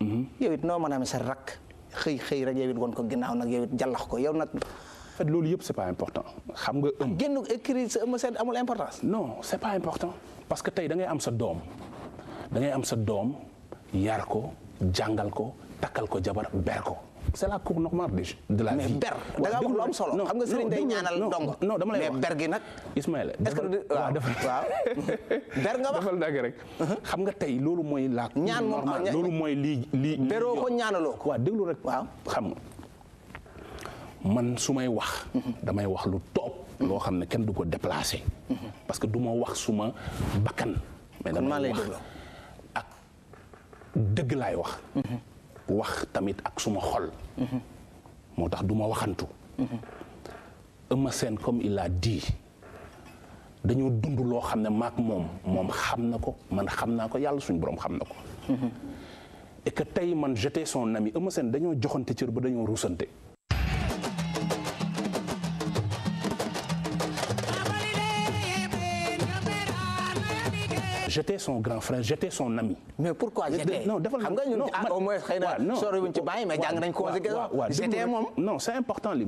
Mm-hmm. yow it noo rak, a sa rak xey xey rek yow it woon ko ginnaaw nak yow it jàllax ko yow nak fait lolu yep c'est pas important xam nga. ëmb génn écrit sa ëmb seen amul importance. non c'est pas important parce que tay da ngay am sa dom da ngay am sa dom yar ko jangal ko takal ko jabar ber ko. c'est la cour normale de la vie. mais ber da ngaa wax am solo. xam nga sëriñ day ñaanal ndongo. non dama lay wax ber gi nag. Ismaël est defal dàgg rek. Uh-huh. xam nga tey loolu mooy la. ñaan moom lii beroo ko ñaanaloo ko. déglu rek waaw xam man su may wax. Uh-huh. damay wax lu toog. Uh-huh. loo xam ne kenn du ko déplacé. parce que duma wax su ma bakkan. mais damay wax ak dëgg laay wax. wax tamit ak suma xol moo tax duma waxantu Eumeu Sène comme il a dit dañoo dund loo xam ne maak moom moom xam na ko man xam naa ko yàlla suñu borom xam na ko et que tey man j'étais son ami Eumeu seen dañoo joxante cër ba dañoo rusante j'étais son grand frère j'étais son ami. mais pourquoi j'étais non c'est important lui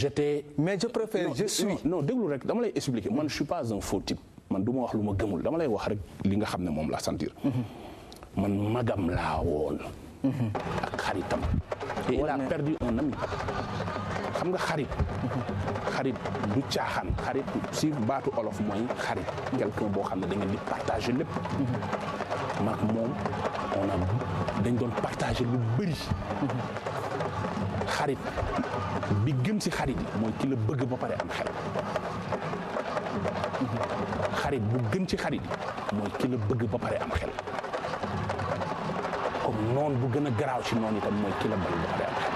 j'étais. mais je préfère je suis. non déglu expliquer je suis pas un faux type man suis wax dama je ne mhm. mhm. et il a perdu un ami suis un homme. xarit du caaxaan xarit si baatu olof mooy xarit quelqu'un boo xam ne dangeen ngeen di partager lépp maak moom on dañ doon partager lu bëri xarit bi gën ci xarit yi mooy ki bëgg ba pare am xel xarit bu gën ci xarit yi mooy ki bëgg ba pare am xel comme noonu bu gën a garaaw ci noonu itam mooy ki ba pare am xel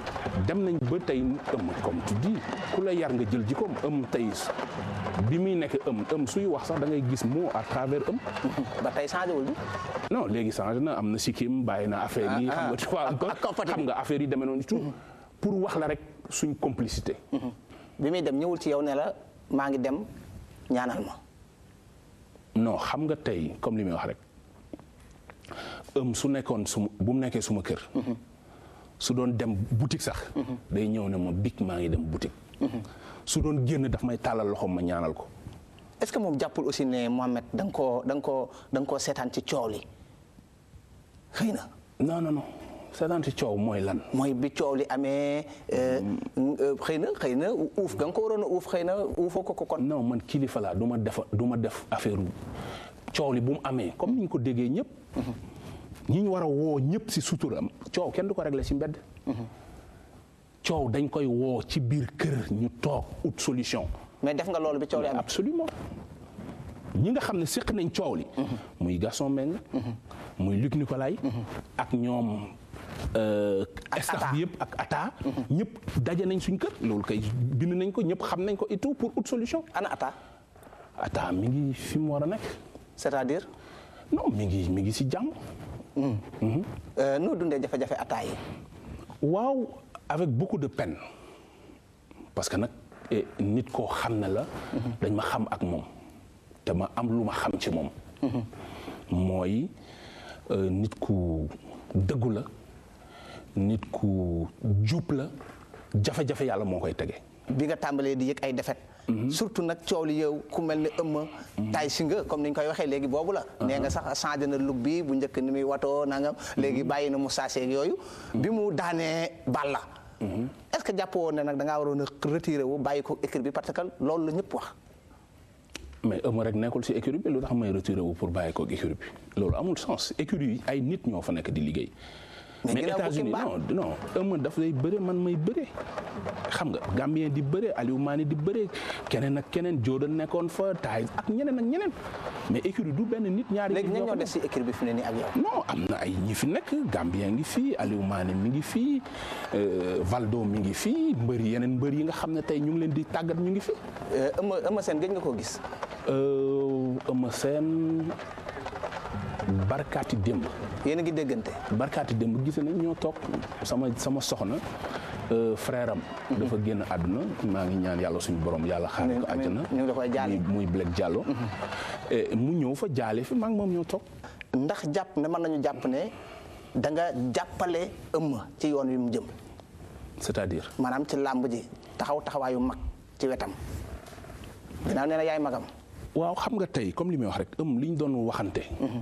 dem nañ ba tey mu ëmm comme tu dis ku la yar nga jël jikkoom ëmm tey bi muy nekk ëmm ëmm suy wax sax da ngay gis moo à travers ba tey changé wul non léegi changé na am na sikkim bàyyi na affaire yi. Ah, xam nga ah, tu xam nga affaire yi demee noonu tout mm-hmm. pour wax la rek suñ complicité. Mm-hmm. bi muy dem ñëwul ci yow ne la maa ngi dem ñaanal ma. non xam nga tey comme li muy wax rek ëmm su nekkoon su bu mu nekkee suma kër. Mm-hmm. su doon dem boutique sax. day ñëw ne ma big maa ngi dem boutique. su doon génn daf may tàllal loxoom ma ñaanal ko. est-ce que moom jàppul aussi ne Mohamed da danga ko da koo da koo seetaan ci coow li xëy na. non non non seetaan ci coow mooy lan. mooy bi coow li amee euh, euh, xëy na xëy na uuf ga nga ko waroon a uuf xëy na uufoo ko ko kon. no man kilifa laa du ma def du ma def affaire coow li bu mu amee comme ni ñu ko déggee ñëpp. ñi war a woo ñëpp si suturam coow kenn du ko régler si mbedd. Mhm. coow dañ koy woo ci biir kër ñu toog ut solution. mais def nga loolu bi coow li am. absolument ñi nga xam ne séq nañ coow li. Mhm. muy Gaston Mbengue. Mhm. muy Luc ak ñoom. Euh, staff bi yëpp ak ata ñëpp daje nañ suñ kër loolu kay bind nañ ko ñëpp xam nañ ko et pour autre solution. ana ata ata mi ngi fi mu war a nekk. c'est-à-dire. non mi ngi mi ngi si jàmm. Mm-hmm. Euh, noo dundee jafe-jafe attaay yi. waaw avec beaucoup de peine parce que nag eh, nit koo xam ne la. Mm-hmm. dañ ma xam ak moom te ma am lu ma xam ci moom. Mm-hmm. mooy euh, nit ku dëggu la nit ku jub la jafe-jafe yàlla moo koy tege. bi nga tàmbalee di yëg ay defet Mm-hmm. surtout nag coow li yow ku mel ni ëmma mm-hmm. tay si nga comme ni ñu koy waxee léegi boobu la uh-huh. nee nga sax changé na look bi bu njëkk ni muy watoo nangam mm-hmm. léegi bàyyi na mu saaseeg yooyu bi mu daanee bal la est-ce que jàpp woon ne nag da ngaa waroon a wu bàyyi ko écrit bi parce que loolu la ñëpp wax mais ëmma rek nekkul si écurie lu tax may retiré wu pour bàyyi ko écurie loolu amul sens écurie yi ay nit ñoo fa nekk di liggéey mais États-Unis non non Eumeu daf lay bëre man may bëre xam nga Gambien di bëre Aliou Mané di bëre keneen ak keneen Jordan nekkoon fa taay ak ñeneen ak ñeneen mais écurie du benn nit ñaari léegi ñoo des ci bi fi ne am na ay ñi fi nekk Gambien ngi fii Aliou Mané mi ngi fii euh, Valdo mi ngi fii mbër yeneen mbër yi nga xam ne tey ñu ngi leen di tàggat ñu ngi fi euh, Eumeu Eumeu Sène nga koo gis euh, barkaati démb. yéen gi déggante. barkaati démb gise nañ ñoo toog sama sama soxna euh, frère am. Mm-hmm. dafa génn àdduna maa ngi ñaan yàlla suñu borom yàlla xaaree ko àjjana. ñu da koy jaale muy Black Diallo. Mm-hmm. Eh, mu ñëw fa jaale fi maa ngi moom ñoo toog. ndax jàpp ne mën nañu jàpp ne da nga jàppale ëmm ci yoon wi mu jëm. c'est-à-dire. maanaam ci làmb ji taxaw taxawaayu mag ci wetam. ginnaaw nee yaay magam. waaw xam nga tey comme li may wax rek ëmm li doon waxante. Mm-hmm.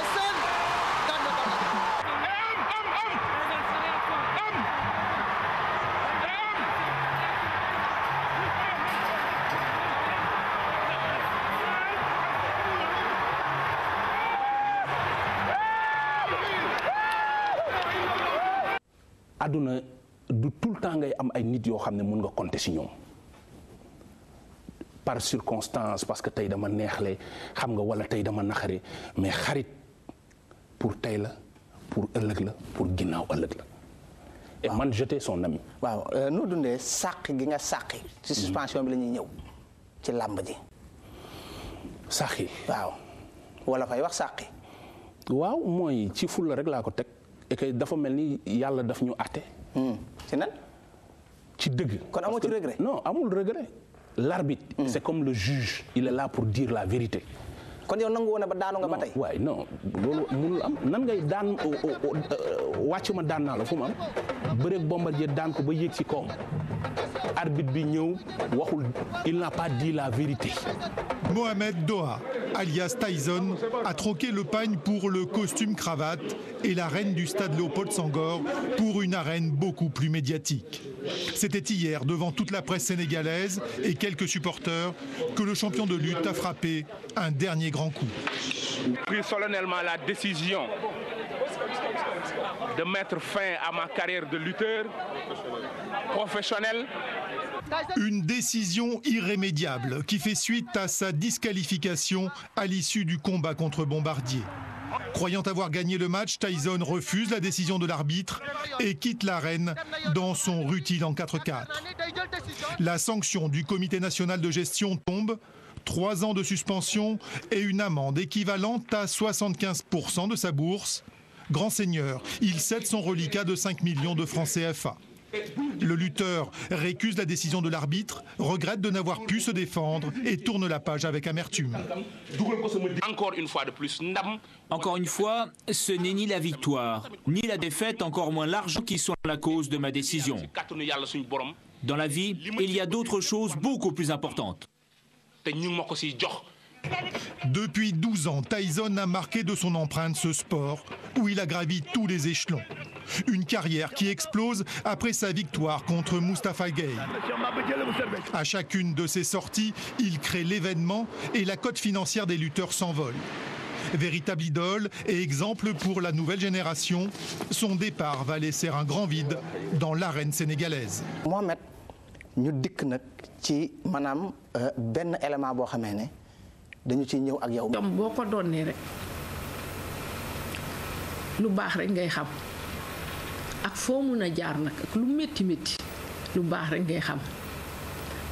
àdduna du tout le temps ngay am ay nit yoo xam ne mun nga compter si ñoom par circonstance parce que tey dama neexle xam nga wala tey dama naxare mais xarit pour tey la pour ëllëg la pour ginnaaw ëllëg la. et man jeté son ami. waaw euh, noo dundee sàq gi nga sàqi ci mm-hmm. suspension bi la ñuy ñëw ci làmb ji. sàqi waaw wala fay wax sàqi waaw mooy ci fulla rek laa ko teg. et que dafa melni ni daf ñu ci hmm. nan. ci deug kon regret non regret. l'arbitre hmm. c'est comme le juge. il est là pour dire la vérité. kon yow nangu wona ba daanu nga batay non am nan ngay daan euh, daan la fu ko ba il n'a pas dit la vérité. Mohamed Doha, alias Tyson, a troqué le pagne pour le costume cravate et l'arène du stade Léopold sangor pour une arène beaucoup plus médiatique. C'était hier devant toute la presse sénégalaise et quelques supporters que le champion de lutte a frappé un dernier grand coup. Pris solennellement la décision de mettre fin à ma carrière de lutteur professionnel. Une décision irrémédiable qui fait suite à sa disqualification à l'issue du combat contre Bombardier. Croyant avoir gagné le match, Tyson refuse la décision de l'arbitre et quitte l'arène dans son rutile en 4-4. La sanction du comité national de gestion tombe, trois ans de suspension et une amende équivalente à 75% de sa bourse grand seigneur. Il cède son reliquat de 5 millions de francs CFA. Le lutteur récuse la décision de l'arbitre, regrette de n'avoir pu se défendre et tourne la page avec amertume. Encore une fois ce n'est ni la victoire, ni la défaite, encore moins l'argent qui sont la cause de ma décision. Dans la vie, il y a d'autres choses beaucoup plus importantes. Depuis 12 ans, Tyson a marqué de son empreinte ce sport où il a gravi tous les échelons. Une carrière qui explose après sa victoire contre Mustafa Gay. À chacune de ses sorties, il crée l'événement et la cote financière des lutteurs s'envole. Véritable idole et exemple pour la nouvelle génération, son départ va laisser un grand vide dans l'arène sénégalaise. Mohamed, dañu ci ñew ak yow jom boko donné rek lu baax rek ngay xam ak fo mu na jaar nak ak lu metti metti lu baax rek ngay xam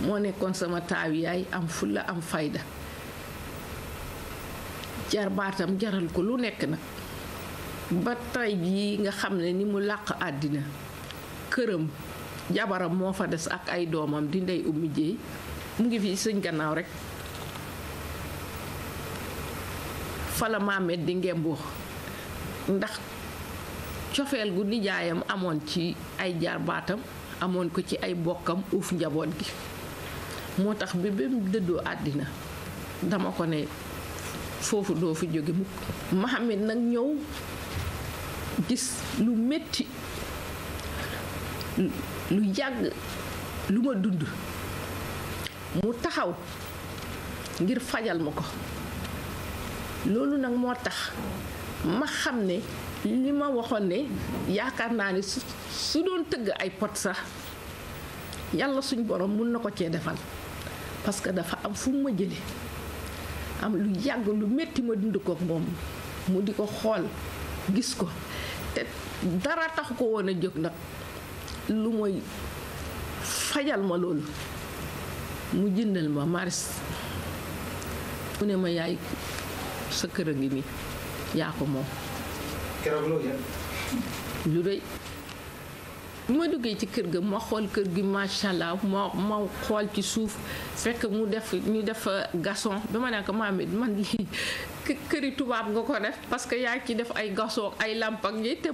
ne kon sama taw yaay am fulla am fayda jar baatam jaral ko lu nekk nak ba tay jii nga xam ne ni mu laq adina kërëm jabaram mo fa dess ak ay domam di ndey ummi jey mu ngi fi sëñ gannaaw rek fala Mohamed di ngembu ndax cofeel gu nijaayam amoon ci ay jarbaatam amoon ko ci ay bokkam uuf njaboot gi moo tax bi ba mu dëddoo àddina dama ko ne foofu doo fi jóge mukk Mohamed nag ñëw gis lu metti lu yàgg lu ma dund mu taxaw ngir fajal ma ko loolu nag moo tax ma xam ne li ma waxoon ne yaakaar naa ne su su doon tëgg ay pot sax yàlla suñ borom mun na ko cee defal parce que dafa am fu mu ma jële am lu yàgg lu metti ma dund ko moom mu di ko xool gis ko te dara taxu ko woon a jóg nag lu mooy fajal ma loolu mu jëndal ma maris mu ne ma yaay sa kër a ngi nii yaa ko moom. lu rëy ma duggee ci kër ga ma xool kër gi macha allah ma ma xool ci suuf fekk mu def ñu def gason dama ne ko maam it man lii këri tubaab nga ko def parce que yaa ngi ci def ay gason ay làmp ak yi te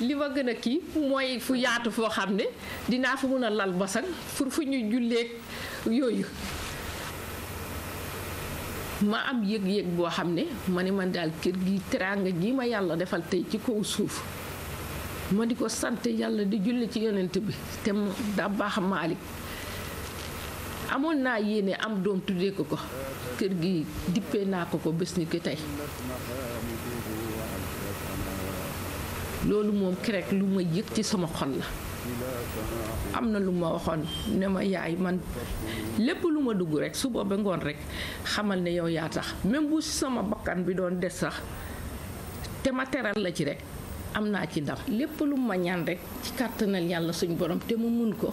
li ma gën a kii mooy fu yaatu foo xam ne dinaa fa mun a lal basan pour fu ñu julleeg yooyu. ma am yëg-yëg boo xam ne ma ne man daal kër gi teraanga ji ma yàlla defal tey ci kaw suuf ma di ko sant yàlla di julli ci yonent bi te da baax maalik amoon naa yéene am doom tuddee ko ko kër gi dippee naa ko ko bés ni ki tey loolu moom kerek lu ma yëg ci sama xol la am na lu ma waxoon ne ma yaay man lépp lu ma dugg rek suba ba ngoon rekk xamal ne yow yaa tax même bu sama bakkan bi doon des sax te ma teral la ci rekk am naa ci ndam lépp lu ma ñaan rekk ci kàttanal yàlla suñ borom te mu mun ko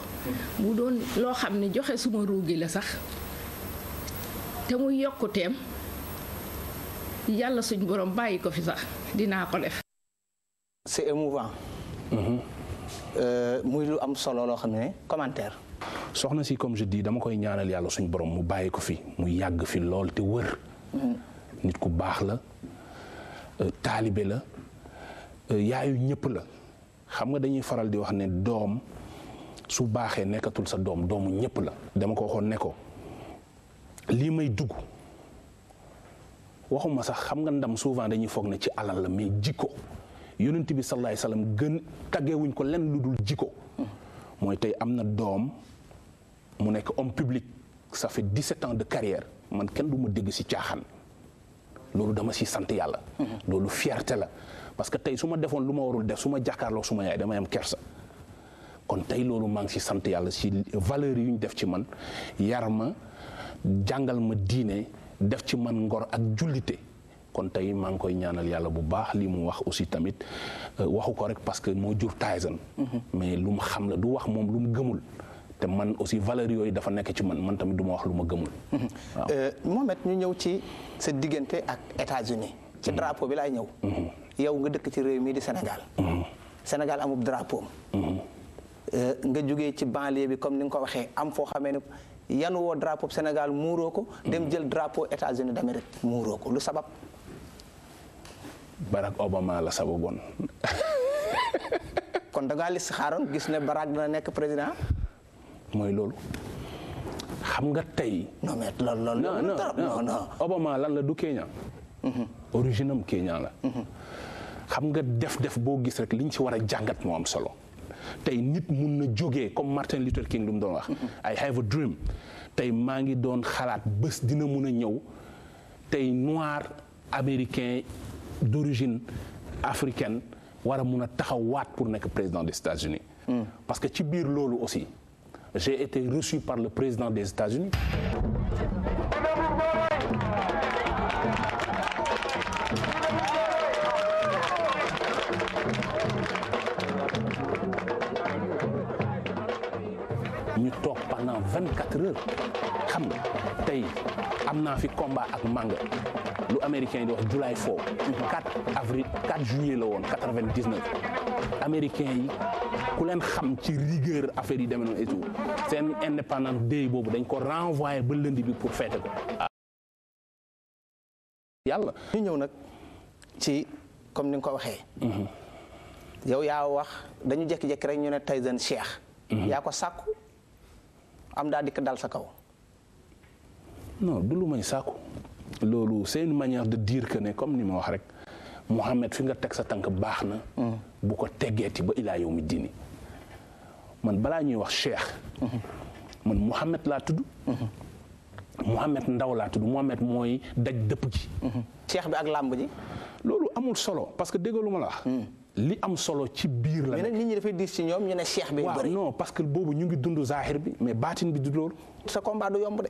bu doon loo xam ne joxe suma ruugi la sax te mu yokkuteem yàlla suñ borom bàyyi ko fi sax dinaa ko def Euh, muy lu am solo loo xam ne commentaire. soxna si comme je dama koy ñaanal yàlla suñu borom mu bàyyi ko fi mu yàgg fi lool te wër. Mm. nit ku baax la euh, taalibe la euh, yaayu ñëpp la xam nga dañuy faral di wax ne doom su baaxee nekkatul sa doom doomu ñëpp la. dama ko waxoon ne ko lii may dugg waxuma sax xam nga ndam souvent dañuy foog ne ci alal la mais jikko. yonent bi sallallahu alayhi gën taggewuñ ko lenn lu dul jikko mooy tey am na doom mu nekk homme public ça fait 17 ans de carrière man kenn du ma dégg si caaxaan loolu dama ci sant yàlla loolu fierté la parce que tey su ma defoon lu ma warul def su ma jàkkaarloo su ma yaay damay am kersa kon tey loolu maa ngi ci sant yàlla si valeur yu ñu def ci man yar ma jàngal ma diine def ci man ngor ak jullite kon tey maa ngi koy ñaanal yàlla bu baax lii mu wax aussi tamit euh, waxu ko rek parce que moo jur Tyson mhm. mais lu mu xam la du wax moom lu mu gëmul te man aussi valeur yooyu dafa nekk ci man man tamit du ma wax lu ma gëmul. Mhm. waaw euh, Mohamed ñu ñëw ci sa diggante ak États-Unis ci mhm. drapeau bi laay ñëw. yow nga dëkk ci réew mii di Sénégal. Sénégal amub drapeau euh, nga jógee ci banlieue bi comme ni nga ko waxee am foo xamee ne yan woo drapeau Sénégal muuroo ko. dem jël drapeau États-Unis d'Amérique muuroo sabab. Barack Obama la sababoon. kon da ngaa lis xaaroon gis ne Barack dina nekk président. mooy loolu. xam nga tey. non loolu loolu. lan la du Kenya. Mhm. origine am mhm. nga def-def boo gis rek liñ ci war a jàngat moo am solo. tey nit mun na jóge comme Martin Luther King lu mu doon wax. Mhm. I have a dream. tey maa ngi doon xalaat bés dina mun a ñëw tey noir américain d'origine africaine wara pour être président des États-Unis hmm. parce que ci Lolo aussi j'ai été reçu par le président des États-Unis Nous top pendant 24 heures xam nga tey am naa fi combat ak manga lu américain di wax July 4 4 avril 4 juillet la woon 99 américain yi ku leen xam ci rigueur affaire yi demee noonu et tout seen indépendance day boobu dañ ko renvoyé ba lundi bi pour fête ko yàlla ñu ñëw nag ci comme ni nga ko waxee mhm. yow yaa wax dañu jékki-jékki rek ñu ne Tyson Cheikh mhm. yaa ko sàkku am daa dikk dal sa kaw non du lu may sàkku loolu seen une manière de dire que ne comme ni ma wax rek Mouhamed fi nga teg sa tànk baax na. Mm. bu ko teggeeti ba ilaa yow mi dini man balaa ñuy wax cheikh. man Mouhamed laa tudd. Mouhamed Ndaw laa tudd Mouhamed mooy daj dëpp ci cheikh bi ak làmb ji. loolu amul solo parce que déggalu ma la wax. Mm. li am solo ci biir la. mais nag nit ñi dafay ne cheikh bi. waaw non que boobu ñu ngi dund zahir bi mais baatin bi du loolu. sa combat du yomb de.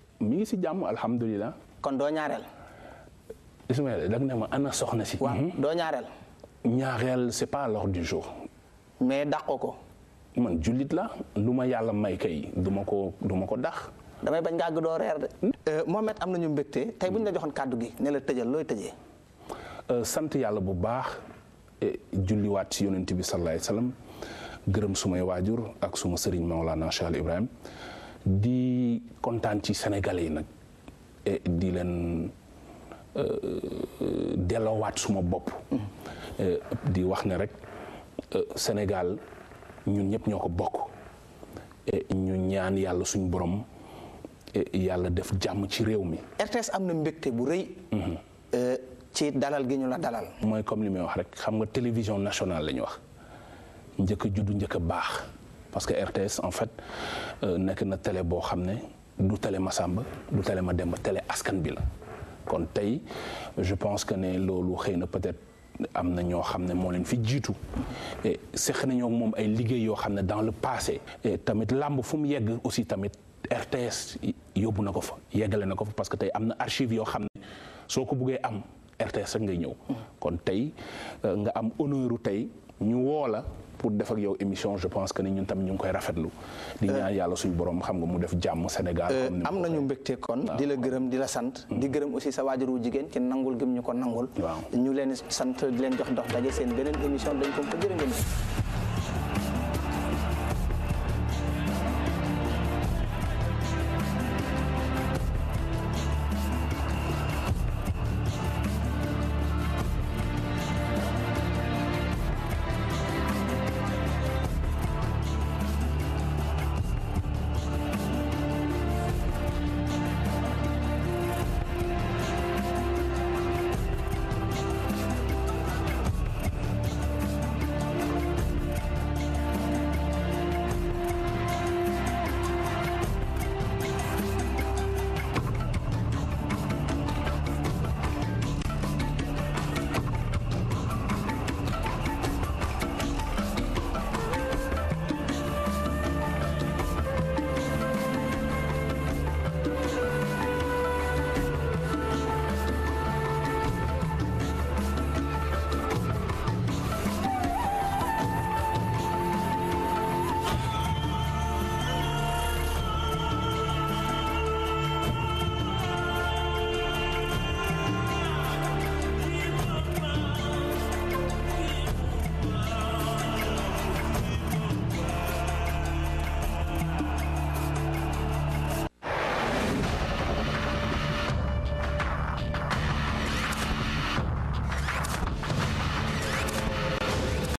mi ngi si jàmm alhamdulilah. kon doo ñaareel. Ismaël dag ne ma ana soxna si. waaw mhm. doo ñaareel. ñaareel c'est pas à l'ordre du jour. mais dàqoo ko. man jullit la lu ma yàlla may kay du ma ko du ma ko dax. damay bañ ngaa doo reer de. Euh, Mohamed am nañu mbégte tey bu ñu la joxoon kàddu gi ne la tëjal looy tëjee. Euh, sant yàlla bu baax julliwaat ci yonent bi sallallahu gërëm sumay waajur ak suma sëriñ Maolana Cheikh Ibrahim di kontaan ci sénégalais yi nag di leen euh, euh, delloowaat suma bopp. Euh, di wax ne rek Sénégal ñun ñëpp ñoo ko bokk ñu ñaan yàlla suñu borom yàlla def jàmm ci réew mi. RTS am na mbégte bu rëy. Mhm. ci dalal gi ñu la dalal. mooy comme li may wax rek xam nga télévision nationale la wax njëkk juddu njëkk a baax. parce que RTS en fait euh, nekk na télé bo xamné du télé Masamba du télé Mademba télé askan bi la kon tay je pense que né lolu xëy peut-être amna ño xamné mo ne leen fi jiitu et seq nañoo mom ay liguey yo xamné dans le passé. et tamit lamb fu mu yegg aussi tamit RTS yóbbu na ko fa yeggale na ko fa parce que tay amna archive yo xamné soko soo am RTS rek ngay ñew mm. kon tay euh, nga am honneur tay ñu woo la pour def ak yow émission je pense que ne ñun tam ñu ngi koy rafetlu. di euh, ñaan yàlla suñ borom xam nga mu def jàmm Sénégal. Euh, am ñu mbégte kon di la gërëm di la sant. Hmm. di gërëm aussi sa waajuru jigéen ci nangul gëm ñu ko nangul. ñu leen sant di leen jox dox daje seen beneen émission dañ ko ko jërë ngeen